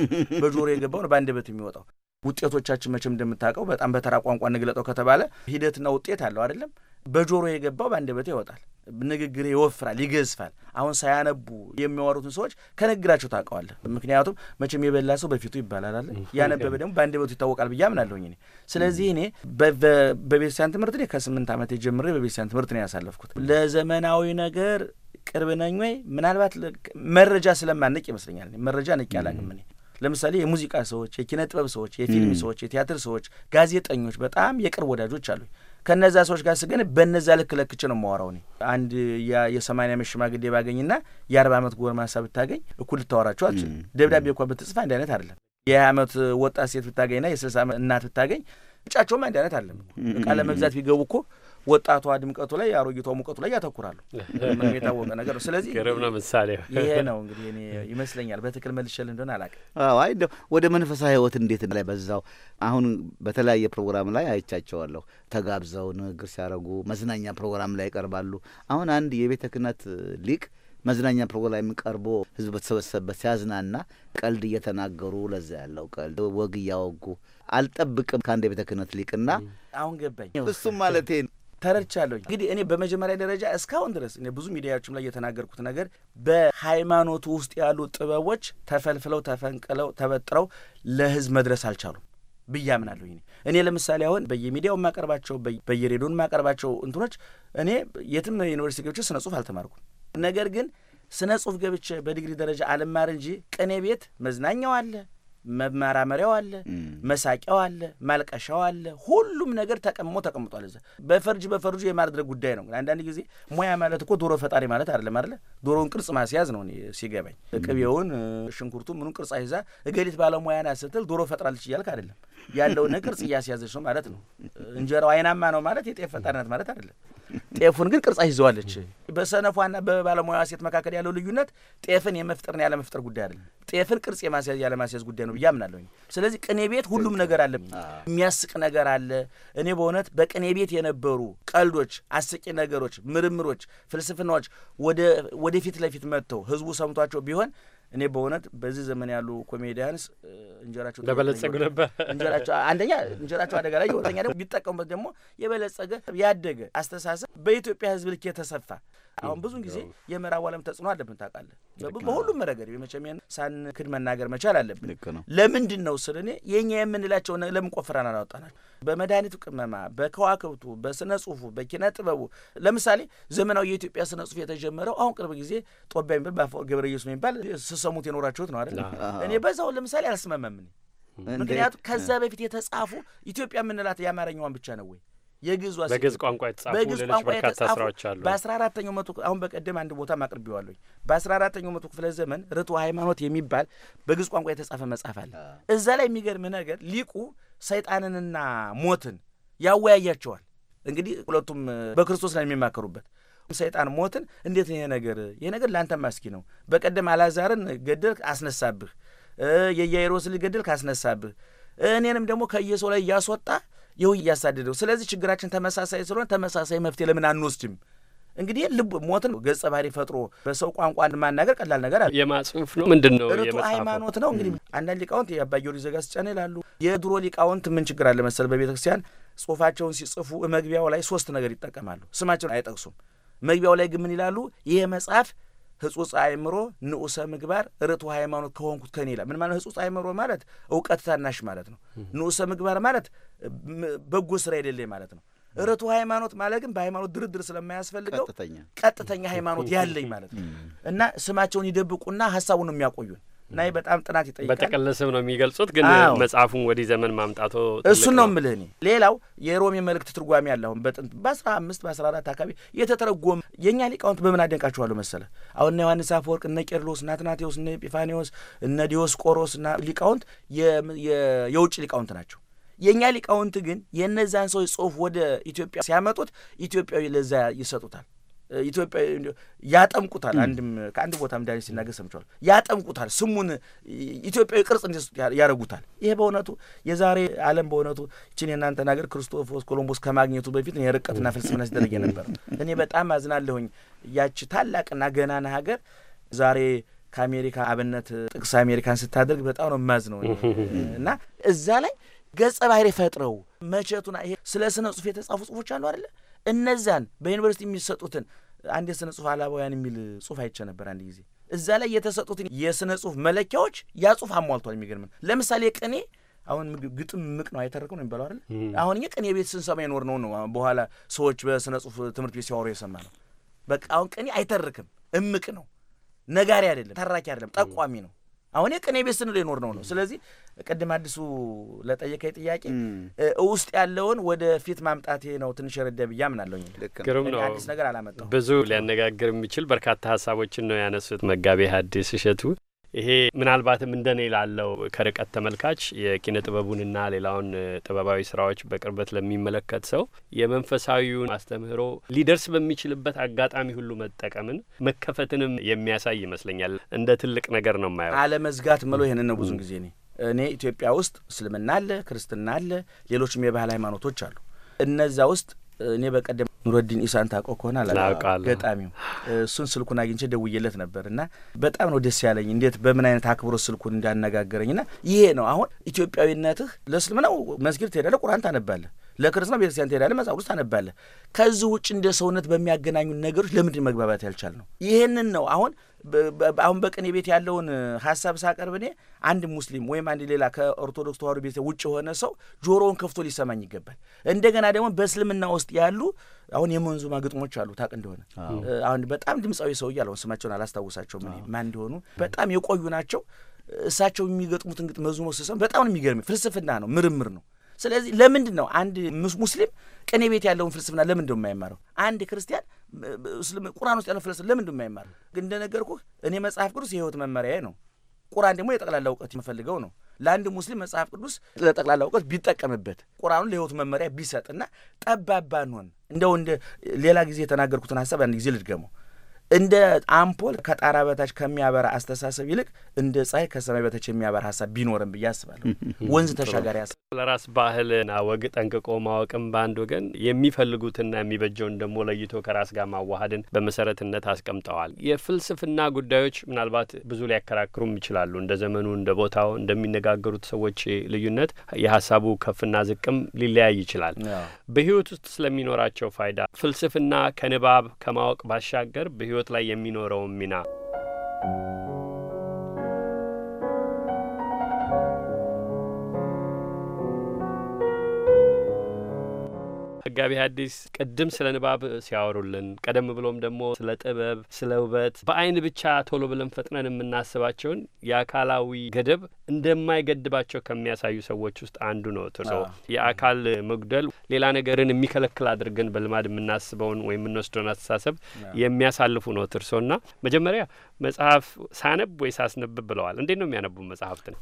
በጆሮ የገባውን በአንድ በት የሚወጣው ውጤቶቻችን መቼም እንደምታውቀው በጣም በተራ ቋንቋ እንግለጠው ከተባለ ሂደትና ውጤት አለው አይደለም። በጆሮ የገባው በአንደበቱ ይወጣል። ንግግር ይወፍራል፣ ይገዝፋል። አሁን ሳያነቡ የሚያወሩትን ሰዎች ከንግግራቸው ታውቀዋለህ። ምክንያቱም መቼም የበላ ሰው በፊቱ ይባላል፣ ያነበበ ደግሞ በአንደበቱ ይታወቃል ብዬ አምናለሁኝ እኔ። ስለዚህ እኔ በቤተክርስቲያን ትምህርት ላይ ከስምንት ዓመት የጀምሬ በቤተክርስቲያን ትምህርት ነው ያሳለፍኩት። ለዘመናዊ ነገር ቅርብ ነኝ ወይ? ምናልባት መረጃ ስለማንቅ ይመስለኛል። መረጃ ንቅ አላውቅም እኔ ለምሳሌ የሙዚቃ ሰዎች፣ የኪነ ጥበብ ሰዎች፣ የፊልም ሰዎች፣ የቲያትር ሰዎች፣ ጋዜጠኞች በጣም የቅርብ ወዳጆች አሉኝ። ከነዛ ሰዎች ጋር ስገን በነዛ ልክ ለክች ነው የማወራው። እኔ አንድ የሰማንያ ዓመት ሽማግሌ ባገኝና የአርባ ዓመት ጎርማሳ ብታገኝ እኩል ልታወራቸው አልችልም። ደብዳቤ እኳ ብትጽፍ አንድ አይነት አይደለም። የሀያ ዓመት ወጣት ሴት ብታገኝና የስልሳ ዓመት እናት ብታገኝ እጫቸውም አንድ አይነት አይደለም። ቃለ ለመግዛት ቢገቡ እኮ ወጣቷ ድምቀቱ ላይ አሮጊቷ ሙቀቱ ላይ ያተኩራሉ። ምንም የታወቀ ነገር ነው። ስለዚህ ነው ምሳሌ ይሄ ነው እንግዲህ እኔ ይመስለኛል በትክክል መልሸል እንደሆነ አላውቅም። አይ እንደው ወደ መንፈሳዊ ህይወት እንዴት ላይ በዛው አሁን በተለያየ ፕሮግራም ላይ አይቻቸዋለሁ ተጋብዘው ንግግር ሲያደርጉ መዝናኛ ፕሮግራም ላይ ይቀርባሉ። አሁን አንድ የቤተ ክህነት ሊቅ መዝናኛ ፕሮግራም ላይ የሚቀርቦ ህዝብ በተሰበሰበበት ሲያዝናና ቀልድ እየተናገሩ ለዛ ያለው ቀልድ ወግ እያወጉ አልጠብቅም ከአንድ የቤተ ክህነት ሊቅና አሁን ገባኝ እሱም ማለቴ ተረድቻለሁ። እንግዲህ እኔ በመጀመሪያ ደረጃ እስካሁን ድረስ እኔ ብዙ ሚዲያዎችም ላይ የተናገርኩት ነገር በሃይማኖቱ ውስጥ ያሉ ጥበቦች ተፈልፍለው ተፈንቅለው ተበጥረው ለህዝብ መድረስ አልቻሉም ብዬ አምናለሁኝ። እኔ ለምሳሌ አሁን በየሚዲያው የማቀርባቸው በየሬዲዮን የማቀርባቸው እንትኖች እኔ የትም ዩኒቨርሲቲ ገብቼ ስነ ጽሁፍ አልተማርኩም። ነገር ግን ስነ ጽሁፍ ገብቼ በዲግሪ ደረጃ አልማር እንጂ ቅኔ ቤት መዝናኛው አለ መመራመሪያው አለ፣ መሳቂያው አለ፣ ማልቀሻው አለ። ሁሉም ነገር ተቀምሞ ተቀምጧል እዛ። በፈርጅ በፈርጁ የማድረግ ጉዳይ ነው። አንዳንድ ጊዜ ሙያ ማለት እኮ ዶሮ ፈጣሪ ማለት አይደለም አይደለ? ዶሮውን ቅርጽ ማስያዝ ነው ሲገባኝ። ቅቤውን፣ ሽንኩርቱ ምኑ ቅርጽ አይዛ እገሊት ባለሙያ ናት ስትል ዶሮ ፈጥራለች እያልክ አይደለም። ያለውን ነገር ቅርጽ እያስያዘች ነው ማለት ነው። እንጀራው አይናማ ነው ማለት የጤፍ ፈጣንነት ማለት አይደለም። ጤፉን ግን ቅርጻ ይዘዋለች። በሰነፏና በባለሙያዋ ሴት መካከል ያለው ልዩነት ጤፍን የመፍጠርና ያለመፍጠር ጉዳይ አይደለም። ጤፍን ቅርጽ የማስያዝ ያለማስያዝ ጉዳይ ነው ብዬ አምናለሁ። ስለዚህ ቅኔ ቤት ሁሉም ነገር አለ፣ የሚያስቅ ነገር አለ። እኔ በእውነት በቅኔ ቤት የነበሩ ቀልዶች፣ አስቂ ነገሮች፣ ምርምሮች፣ ፍልስፍናዎች ወደ ለፊት መጥተው ህዝቡ ሰምቷቸው ቢሆን እኔ በእውነት በዚህ ዘመን ያሉ ኮሜዲያንስ እንጀራቸው ለበለጸጉ ነበር እንጀራቸው አንደኛ እንጀራቸው አደጋ ላይ ሁለተኛ ደግሞ ቢጠቀሙበት ደግሞ የበለጸገ ያደገ አስተሳሰብ በኢትዮጵያ ሕዝብ ልክ የተሰፋ አሁን ብዙን ጊዜ የምዕራቡ ዓለም ተጽዕኖ አለብን ታውቃለህ። በሁሉም መረገድ ረገድ ሳን ክድ መናገር መቻል አለብን። ለምንድን ነው ስል እኔ የእኛ የምንላቸው ለምን ቆፍረን አላወጣናል? በመድኃኒቱ ቅመማ፣ በከዋክብቱ፣ በስነ ጽሁፉ፣ በኪነ ጥበቡ ለምሳሌ ዘመናዊ የኢትዮጵያ ስነ ጽሁፍ የተጀመረው አሁን ቅርብ ጊዜ ጦቢያ የሚባል በአፈወርቅ ገብረ ኢየሱስ የሚባል ስሰሙት የኖራችሁት ነው አይደል? እኔ በዛውን ለምሳሌ አልስመመምን። ምክንያቱም ከዛ በፊት የተጻፉ ኢትዮጵያ የምንላት የአማርኛዋን ብቻ ነው ወይ የግዕዝ በግዕዝ ቋንቋ የተጻፉ ሌሎች በርካታ ስራዎች አሉ። በአስራ አራተኛው መቶ አሁን በቀደም አንድ ቦታ አቅርቤዋለሁ። በአስራ አራተኛው መቶ ክፍለ ዘመን ርቱ ሃይማኖት የሚባል በግዕዝ ቋንቋ የተጻፈ መጽሐፍ አለ። እዛ ላይ የሚገርም ነገር ሊቁ ሰይጣንንና ሞትን ያወያያቸዋል። እንግዲህ ሁለቱም በክርስቶስ ላይ የሚማከሩበት ሰይጣን ሞትን እንዴት ይሄ ነገር ይሄ ነገር ለአንተ ማስኪ ነው። በቀደም አላዛርን ገደል አስነሳብህ፣ የኢያኢሮስ ልጅ ገደል ካስነሳብህ እኔንም ደግሞ ከየሰው ላይ እያስወጣ ይኸው እያሳደደው። ስለዚህ ችግራችን ተመሳሳይ ስለሆነ ተመሳሳይ መፍትሄ ለምን አንወስድም? እንግዲህ ልብ ሞትን ገጸ ባህሪ ፈጥሮ በሰው ቋንቋ ማናገር ቀላል ነገር አለ። የማጽሁፍ ነው ምንድን ነው ርቱ ሃይማኖት ነው። እንግዲህ አንዳንድ ሊቃውንት የአባ ጊዮርጊስ ዘጋስጫኔ ይላሉ። የድሮ ሊቃውንት ምን ችግር አለ መሰል በቤተ ክርስቲያን ጽሁፋቸውን ሲጽፉ መግቢያው ላይ ሶስት ነገር ይጠቀማሉ። ስማቸውን አይጠቅሱም። መግቢያው ላይ ግን ምን ይላሉ? ይሄ መጽሐፍ ህጹጽ አእምሮ ንዑሰ ምግባር ርቱ ሃይማኖት ከሆንኩት ከኔ ይላል። ምን ማለት ህጹጽ አእምሮ ማለት እውቀት ታናሽ ማለት ነው። ንዑሰ ምግባር ማለት በጎ ስራ የሌለኝ ማለት ነው። ርቱ ሃይማኖት ማለት ግን በሃይማኖት ድርድር ስለማያስፈልገው ቀጥተኛ ሃይማኖት ያለኝ ማለት ነው እና ስማቸውን ይደብቁና ሀሳቡን የሚያቆዩን ናይ በጣም ጥናት ይጠይቃል። በጥቅል ስም ነው የሚገልጹት፣ ግን መጽሐፉን ወዲህ ዘመን ማምጣቶ እሱን ነው ምልህ። እኔ። ሌላው የሮሜ መልእክት ትርጓሜ አለ። አሁን በጥንት በአስራ አምስት በአስራ አራት አካባቢ የተተረጎመ የእኛ ሊቃውንት በምን አደንቃችኋሉ መሰለ አሁን እነ ዮሐንስ አፈወርቅ፣ እነ ቄርሎስ፣ እነ አትናቴዎስ፣ እነ ኤጲፋኔዎስ እነ ዲዮስቆሮስ እና ሊቃውንት የውጭ ሊቃውንት ናቸው። የእኛ ሊቃውንት ግን የእነዛን ሰው ጽሁፍ ወደ ኢትዮጵያ ሲያመጡት ኢትዮጵያዊ ለዛ ይሰጡታል። ኢትዮጵያ ያጠምቁታል። አንድም ከአንድ ቦታ ምዳኔ ሲናገር ሰምቸዋል። ያጠምቁታል፣ ስሙን ኢትዮጵያዊ ቅርጽ እንዲሰጡት ያደረጉታል። ይሄ በእውነቱ የዛሬ ዓለም በእውነቱ ችን የእናንተ ሀገር ክርስቶፎስ ኮሎምቦስ ከማግኘቱ በፊት የርቀትና ፍልስፍና ሲደረግ ነበር። <laughs> እኔ በጣም አዝናለሁኝ። ያች ታላቅና ገናና ሀገር ዛሬ ከአሜሪካ አብነት ጥቅስ አሜሪካን ስታደርግ በጣም ነው ማዝ ነው <laughs> እና እዛ ላይ ገጸ ባህሪ ፈጥረው መቼቱና ይሄ ስለ ስነ ጽሁፍ የተጻፉ ጽሁፎች አሉ አይደለ እነዛን በዩኒቨርሲቲ የሚሰጡትን አንድ የሥነ ጽሁፍ አላባውያን የሚል ጽሁፍ አይቼ ነበር አንድ ጊዜ። እዛ ላይ የተሰጡትን የሥነ ጽሁፍ መለኪያዎች ያ ጽሁፍ አሟልቷል። የሚገርምን ለምሳሌ ቅኔ አሁን ግጥም ምቅ ነው አይተርክም ነው የሚባለው አይደል? አሁን እኛ ቅኔ ቤት ስንሰማ የኖር ነው ነው በኋላ ሰዎች በሥነ ጽሁፍ ትምህርት ቤት ሲያወሩ የሰማ ነው። በቃ አሁን ቅኔ አይተርክም፣ እምቅ ነው፣ ነጋሪ አይደለም፣ ተራኪ አይደለም፣ ጠቋሚ ነው። አሁን የቅኔ ቤት ስንል የኖር ነው ነው። ስለዚህ ቅድም አዲሱ ለጠየቀኝ ጥያቄ ውስጥ ያለውን ወደ ፊት ማምጣቴ ነው ትንሽ ረዳ ብዬ አምናለሁ። ግሩም ነው። አዲስ ነገር አላመጣሁም። ብዙ ሊያነጋግር የሚችል በርካታ ሀሳቦችን ነው ያነሱት መጋቤ ሐዲስ እሸቱ። ይሄ ምናልባትም እንደኔ ላለው ከርቀት ተመልካች የኪነ ጥበቡንና ሌላውን ጥበባዊ ስራዎች በቅርበት ለሚመለከት ሰው የመንፈሳዊውን አስተምህሮ ሊደርስ በሚችልበት አጋጣሚ ሁሉ መጠቀምን መከፈትንም የሚያሳይ ይመስለኛል። እንደ ትልቅ ነገር ነው ማየው። አለመዝጋት ምለ ይህንን ነው። ጊዜ እኔ እኔ ኢትዮጵያ ውስጥ እስልምና አለ፣ ክርስትና አለ፣ ሌሎችም የባህል ሃይማኖቶች አሉ። እነዛ ውስጥ እኔ በቀደም ኑረዲን ኢሳን ታቆ ከሆነ አላውቅም፣ ገጣሚው እሱን ስልኩን አግኝቼ ደውዬለት ነበር እና በጣም ነው ደስ ያለኝ፣ እንዴት በምን አይነት አክብሮት ስልኩን እንዳነጋገረኝ እና ይሄ ነው አሁን ኢትዮጵያዊነትህ። ለእስልምናው መስጊድ ትሄዳለህ፣ ቁርአን ታነባለህ። ለክርስትናው ቤተክርስቲያን ትሄዳለህ፣ መጽሐፍ ቅዱስ ታነባለህ። ከዚህ ውጭ እንደ ሰውነት በሚያገናኙ ነገሮች ለምንድን መግባባት ያልቻል ነው? ይሄንን ነው አሁን አሁን በቅኔ ቤት ያለውን ሀሳብ ሳቀርብ እኔ አንድ ሙስሊም ወይም አንድ ሌላ ከኦርቶዶክስ ተዋሕዶ ቤተሰብ ውጭ የሆነ ሰው ጆሮውን ከፍቶ ሊሰማኝ ይገባል። እንደገና ደግሞ በእስልምና ውስጥ ያሉ አሁን የመንዙማ ግጥሞች አሉ ታቅ እንደሆነ አሁን በጣም ድምፃዊ ሰውዬ አሁን ስማቸውን አላስታውሳቸውም ማን እንደሆኑ በጣም የቆዩ ናቸው። እሳቸው የሚገጥሙትን ግጥም መዝሙር ስሰማ በጣም ነው የሚገርመኝ። ፍልስፍና ነው፣ ምርምር ነው። ስለዚህ ለምንድን ነው አንድ ሙስሊም ቅኔ ቤት ያለውን ፍልስፍና ለምንድን የማይማረው? አንድ ክርስቲያን ቁርአን ውስጥ ያለውን ፍልስፍና ለምንድ የማይማረው? ግን እንደነገርኩ እኔ መጽሐፍ ቅዱስ የህይወት መመሪያ ነው። ቁርአን ደግሞ የጠቅላላ እውቀት የምፈልገው ነው። ለአንድ ሙስሊም መጽሐፍ ቅዱስ ለጠቅላላ እውቀት ቢጠቀምበት፣ ቁርአኑን ለህይወት መመሪያ ቢሰጥና ጠባብ ባንሆን። እንደው እንደ ሌላ ጊዜ የተናገርኩትን ሀሳብ አንድ ጊዜ ልድገመው። እንደ አምፖል ከጣራ በታች ከሚያበራ አስተሳሰብ ይልቅ እንደ ፀሐይ ከሰማይ በታች የሚያበራ ሀሳብ ቢኖርም ብዬ አስባለሁ። <laughs> ወንዝ ተሻጋሪ ሀሳብ ለራስ ባህልና ወግ ጠንቅቆ ማወቅም በአንድ ወገን የሚፈልጉትና የሚበጀውን ደግሞ ለይቶ ከራስ ጋር ማዋሃድን በመሰረትነት አስቀምጠዋል። የፍልስፍና ጉዳዮች ምናልባት ብዙ ሊያከራክሩም ይችላሉ። እንደ ዘመኑ፣ እንደ ቦታው፣ እንደሚነጋገሩት ሰዎች ልዩነት የሀሳቡ ከፍና ዝቅም ሊለያይ ይችላል። በህይወት ውስጥ ስለሚኖራቸው ፋይዳ ፍልስፍና ከንባብ ከማወቅ ባሻገር በህይወት ሕይወት ላይ የሚኖረውን ሚና መጋቢ ሐዲስ ቅድም ስለ ንባብ ሲያወሩልን ቀደም ብሎም ደግሞ ስለ ጥበብ፣ ስለ ውበት በአይን ብቻ ቶሎ ብለን ፈጥነን የምናስባቸውን የአካላዊ ገደብ እንደማይገድባቸው ከሚያሳዩ ሰዎች ውስጥ አንዱ ነው። የአካል መጉደል ሌላ ነገርን የሚከለክል አድርገን በልማድ የምናስበውን ወይም የምንወስደውን አስተሳሰብ የሚያሳልፉ ነው። ትርሶና መጀመሪያ መጽሐፍ ሳነብ ወይ ሳስነብብ ብለዋል። እንዴት ነው የሚያነቡ መጽሐፍትን?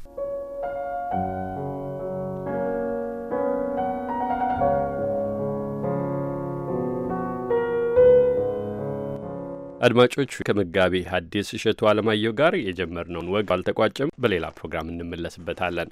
አድማጮች ከመጋቢ ሐዲስ እሸቱ አለማየሁ ጋር የጀመርነውን ወግ አልተቋጭም በሌላ ፕሮግራም እንመለስበታለን።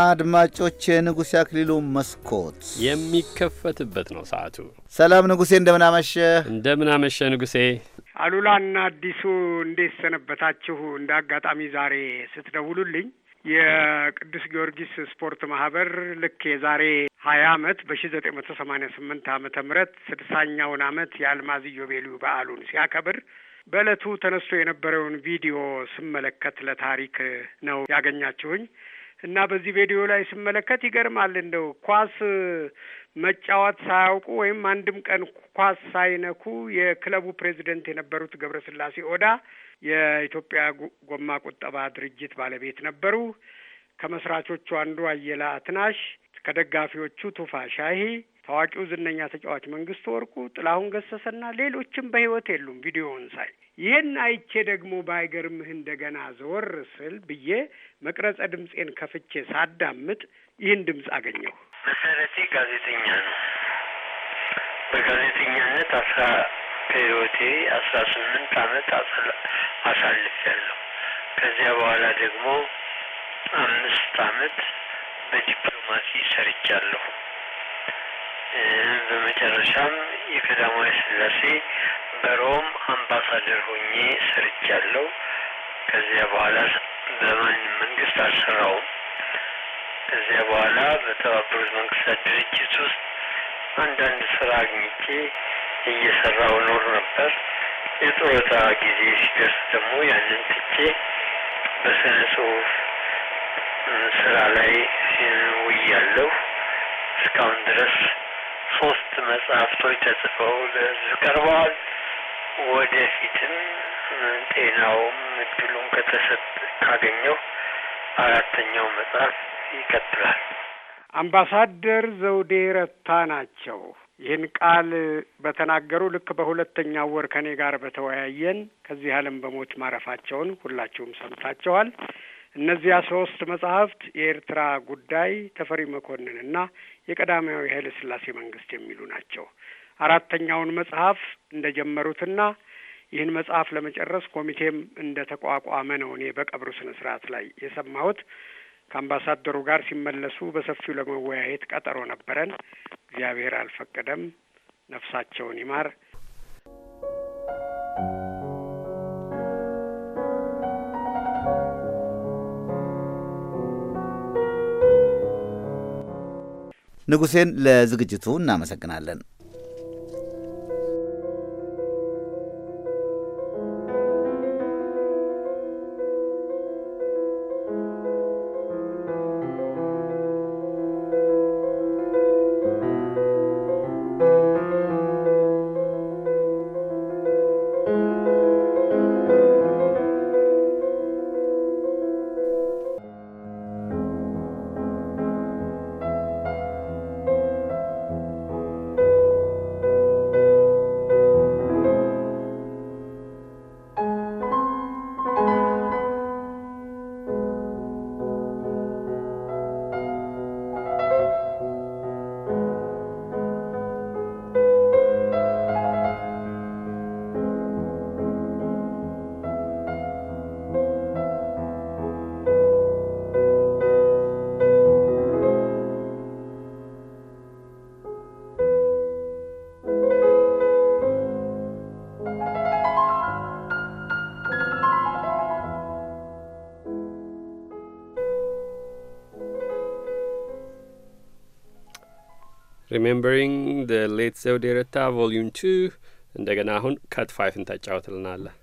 አድማጮች የንጉሴ አክሊሉ መስኮት የሚከፈትበት ነው ሰዓቱ። ሰላም ንጉሴ፣ እንደምናመሸ እንደምናመሸ ንጉሴ። አሉላና አዲሱ እንዴት ሰነበታችሁ? እንደ አጋጣሚ ዛሬ ስትደውሉልኝ የቅዱስ ጊዮርጊስ ስፖርት ማህበር ልክ የዛሬ ሀያ አመት በሺ ዘጠኝ መቶ ሰማኒያ ስምንት አመተ ምህረት ስድሳኛውን አመት የአልማዝ ኢዮቤልዩ በዓሉን ሲያከብር በእለቱ ተነስቶ የነበረውን ቪዲዮ ስመለከት ለታሪክ ነው ያገኛችሁኝ እና በዚህ ቪዲዮ ላይ ስመለከት ይገርማል። እንደው ኳስ መጫወት ሳያውቁ ወይም አንድም ቀን ኳስ ሳይነኩ የክለቡ ፕሬዚደንት የነበሩት ገብረስላሴ ኦዳ የኢትዮጵያ ጎማ ቁጠባ ድርጅት ባለቤት ነበሩ። ከመስራቾቹ አንዱ አየለ አትናሽ፣ ከደጋፊዎቹ ቱፋ ሻሂ፣ ታዋቂው ዝነኛ ተጫዋች መንግስቱ ወርቁ፣ ጥላሁን ገሰሰና ሌሎችም በህይወት የሉም። ቪዲዮውን ሳይ ይህን አይቼ ደግሞ ባይገርምህ እንደገና ዘወር ስል ብዬ መቅረጸ ድምፄን ከፍቼ ሳዳምጥ ይህን ድምፅ አገኘሁ። መሰረቴ ጋዜጠኛ ነው። በጋዜጠኛነት አስራ በህይወቴ አስራ ስምንት አመት አሳልፊያለሁ። ከዚያ በኋላ ደግሞ አምስት አመት በዲፕሎማሲ ሰርቻለሁ። በመጨረሻም የቀዳማዊ ስላሴ በሮም አምባሳደር ሆኜ ሰርቻለሁ። ከዚያ በኋላ በማን መንግስት አልሰራውም። ከዚያ በኋላ በተባበሩት መንግስታት ድርጅት ውስጥ አንዳንድ ስራ አግኝቼ እየሰራው ኖር ነበር። የጡረታ ጊዜ ሲደርስ ደግሞ ያንን ትቼ በስነ ጽሁፍ ስራ ላይ ውያለሁ። እስካሁን ድረስ ሶስት መጽሐፍቶች ተጽፈው ለህዝብ ቀርበዋል። ወደፊትም ጤናውም እድሉም ከተሰጥ ካገኘው አራተኛው መጽሐፍ ይቀጥላል። አምባሳደር ዘውዴ ረታ ናቸው። ይህን ቃል በተናገሩ ልክ በሁለተኛው ወር ከኔ ጋር በተወያየን ከዚህ ዓለም በሞት ማረፋቸውን ሁላችሁም ሰምታችኋል። እነዚያ ሶስት መጽሐፍት የኤርትራ ጉዳይ፣ ተፈሪ መኮንንና የቀዳማዊ ኃይለ ሥላሴ መንግስት የሚሉ ናቸው። አራተኛውን መጽሐፍ ጀመሩትና ይህን መጽሐፍ ለመጨረስ ኮሚቴም እንደተቋቋመ ነው እኔ በቀብሩ ስነ ስርዓት ላይ የሰማሁት። ከአምባሳደሩ ጋር ሲመለሱ በሰፊው ለመወያየት ቀጠሮ ነበረን። እግዚአብሔር አልፈቀደም። ነፍሳቸውን ይማር። ንጉሴን ለዝግጅቱ እናመሰግናለን። ሪሜምበሪንግ ዘ ሌት ዘውዴ ረታ ቮሊዩም ቱ እንደገና አሁን ከት ፋይፍን ታጫወትልናለህ።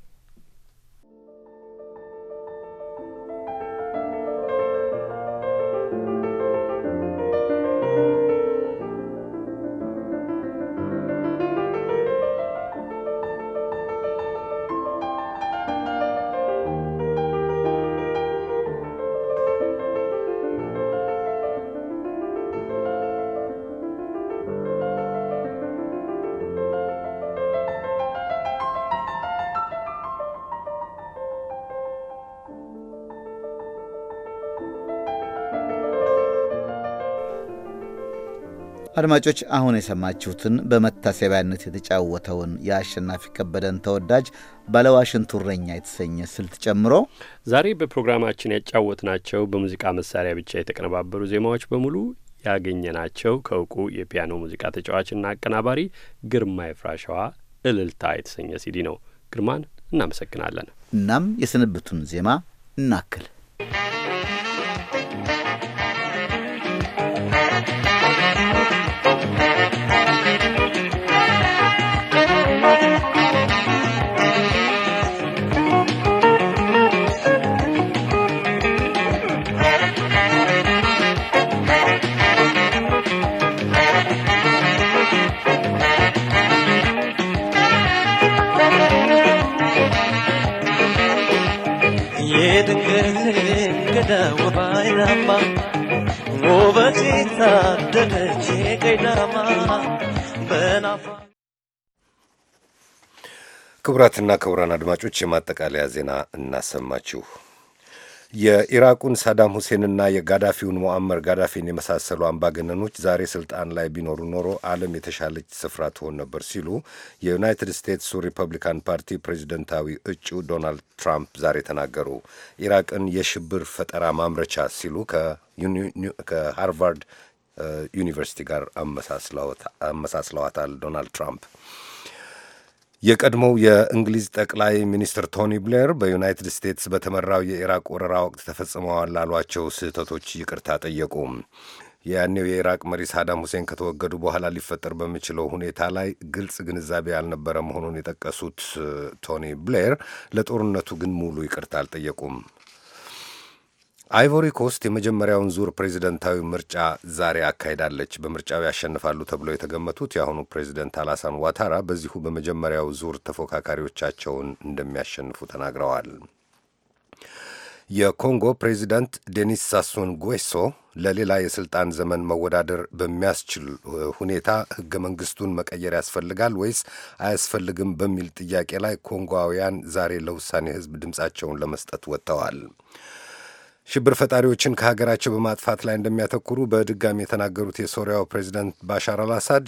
አድማጮች አሁን የሰማችሁትን በመታሰቢያነት የተጫወተውን የአሸናፊ ከበደን ተወዳጅ ባለዋሽንቱ እረኛ የተሰኘ ስልት ጨምሮ ዛሬ በፕሮግራማችን ያጫወትናቸው በሙዚቃ መሳሪያ ብቻ የተቀነባበሩ ዜማዎች በሙሉ ያገኘናቸው ከእውቁ የፒያኖ ሙዚቃ ተጫዋችና አቀናባሪ ግርማ የፍራሸዋ እልልታ የተሰኘ ሲዲ ነው። ግርማን እናመሰግናለን። እናም የስንብቱን ዜማ እናክል። ክቡራትና ክቡራን አድማጮች የማጠቃለያ ዜና እናሰማችሁ። የኢራቁን ሳዳም ሁሴንና የጋዳፊውን ሞአመር ጋዳፊን የመሳሰሉ አምባገነኖች ዛሬ ስልጣን ላይ ቢኖሩ ኖሮ ዓለም የተሻለች ስፍራ ትሆን ነበር ሲሉ የዩናይትድ ስቴትሱ ሪፐብሊካን ፓርቲ ፕሬዚደንታዊ እጩ ዶናልድ ትራምፕ ዛሬ ተናገሩ። ኢራቅን የሽብር ፈጠራ ማምረቻ ሲሉ ከሃርቫርድ ዩኒቨርሲቲ ጋር አመሳስለዋታል ዶናልድ ትራምፕ የቀድሞው የእንግሊዝ ጠቅላይ ሚኒስትር ቶኒ ብሌር በዩናይትድ ስቴትስ በተመራው የኢራቅ ወረራ ወቅት ተፈጽመዋል ላሏቸው ስህተቶች ይቅርታ ጠየቁ። ያኔው የኢራቅ መሪ ሳዳም ሁሴን ከተወገዱ በኋላ ሊፈጠር በሚችለው ሁኔታ ላይ ግልጽ ግንዛቤ ያልነበረ መሆኑን የጠቀሱት ቶኒ ብሌር ለጦርነቱ ግን ሙሉ ይቅርታ አልጠየቁም። አይቮሪ ኮስት የመጀመሪያውን ዙር ፕሬዚደንታዊ ምርጫ ዛሬ አካሂዳለች። በምርጫው ያሸንፋሉ ተብለው የተገመቱት የአሁኑ ፕሬዚደንት አላሳን ዋታራ በዚሁ በመጀመሪያው ዙር ተፎካካሪዎቻቸውን እንደሚያሸንፉ ተናግረዋል። የኮንጎ ፕሬዚደንት ዴኒስ ሳሱን ጎሶ ለሌላ የስልጣን ዘመን መወዳደር በሚያስችል ሁኔታ ህገ መንግስቱን መቀየር ያስፈልጋል ወይስ አያስፈልግም በሚል ጥያቄ ላይ ኮንጓውያን ዛሬ ለውሳኔ ህዝብ ድምፃቸውን ለመስጠት ወጥተዋል። ሽብር ፈጣሪዎችን ከሀገራቸው በማጥፋት ላይ እንደሚያተኩሩ በድጋሚ የተናገሩት የሶሪያው ፕሬዚደንት ባሻር አልአሳድ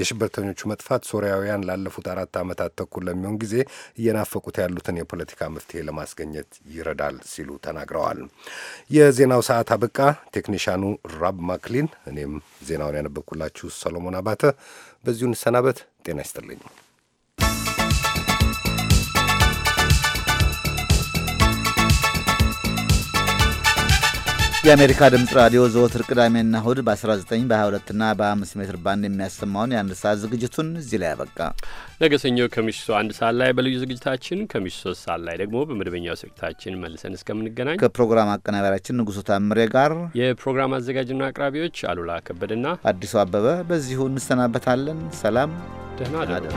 የሽብርተኞቹ መጥፋት ሶሪያውያን ላለፉት አራት ዓመታት ተኩል ለሚሆን ጊዜ እየናፈቁት ያሉትን የፖለቲካ መፍትሄ ለማስገኘት ይረዳል ሲሉ ተናግረዋል። የዜናው ሰዓት አበቃ። ቴክኒሻኑ ራብ ማክሊን፣ እኔም ዜናውን ያነበብኩላችሁ ሰሎሞን አባተ በዚሁ እንሰናበት። ጤና ይስጥልኝ። የአሜሪካ ድምፅ ራዲዮ ዘወትር ቅዳሜና እሁድ በ19 በ22 እና በ5 ሜትር ባንድ የሚያሰማውን የአንድ ሰዓት ዝግጅቱን እዚህ ላይ ያበቃ። ነገ ሰኞ ከምሽቱ አንድ ሰዓት ላይ በልዩ ዝግጅታችን፣ ከምሽቱ ሶስት ሰዓት ላይ ደግሞ በመደበኛው ስርጭታችን መልሰን እስከምንገናኝ ከፕሮግራም አቀናባሪያችን ንጉሱ ታምሬ ጋር የፕሮግራም አዘጋጅና አቅራቢዎች አሉላ ከበድና አዲሱ አበበ በዚሁ እንሰናበታለን። ሰላም፣ ደህና ደሩ።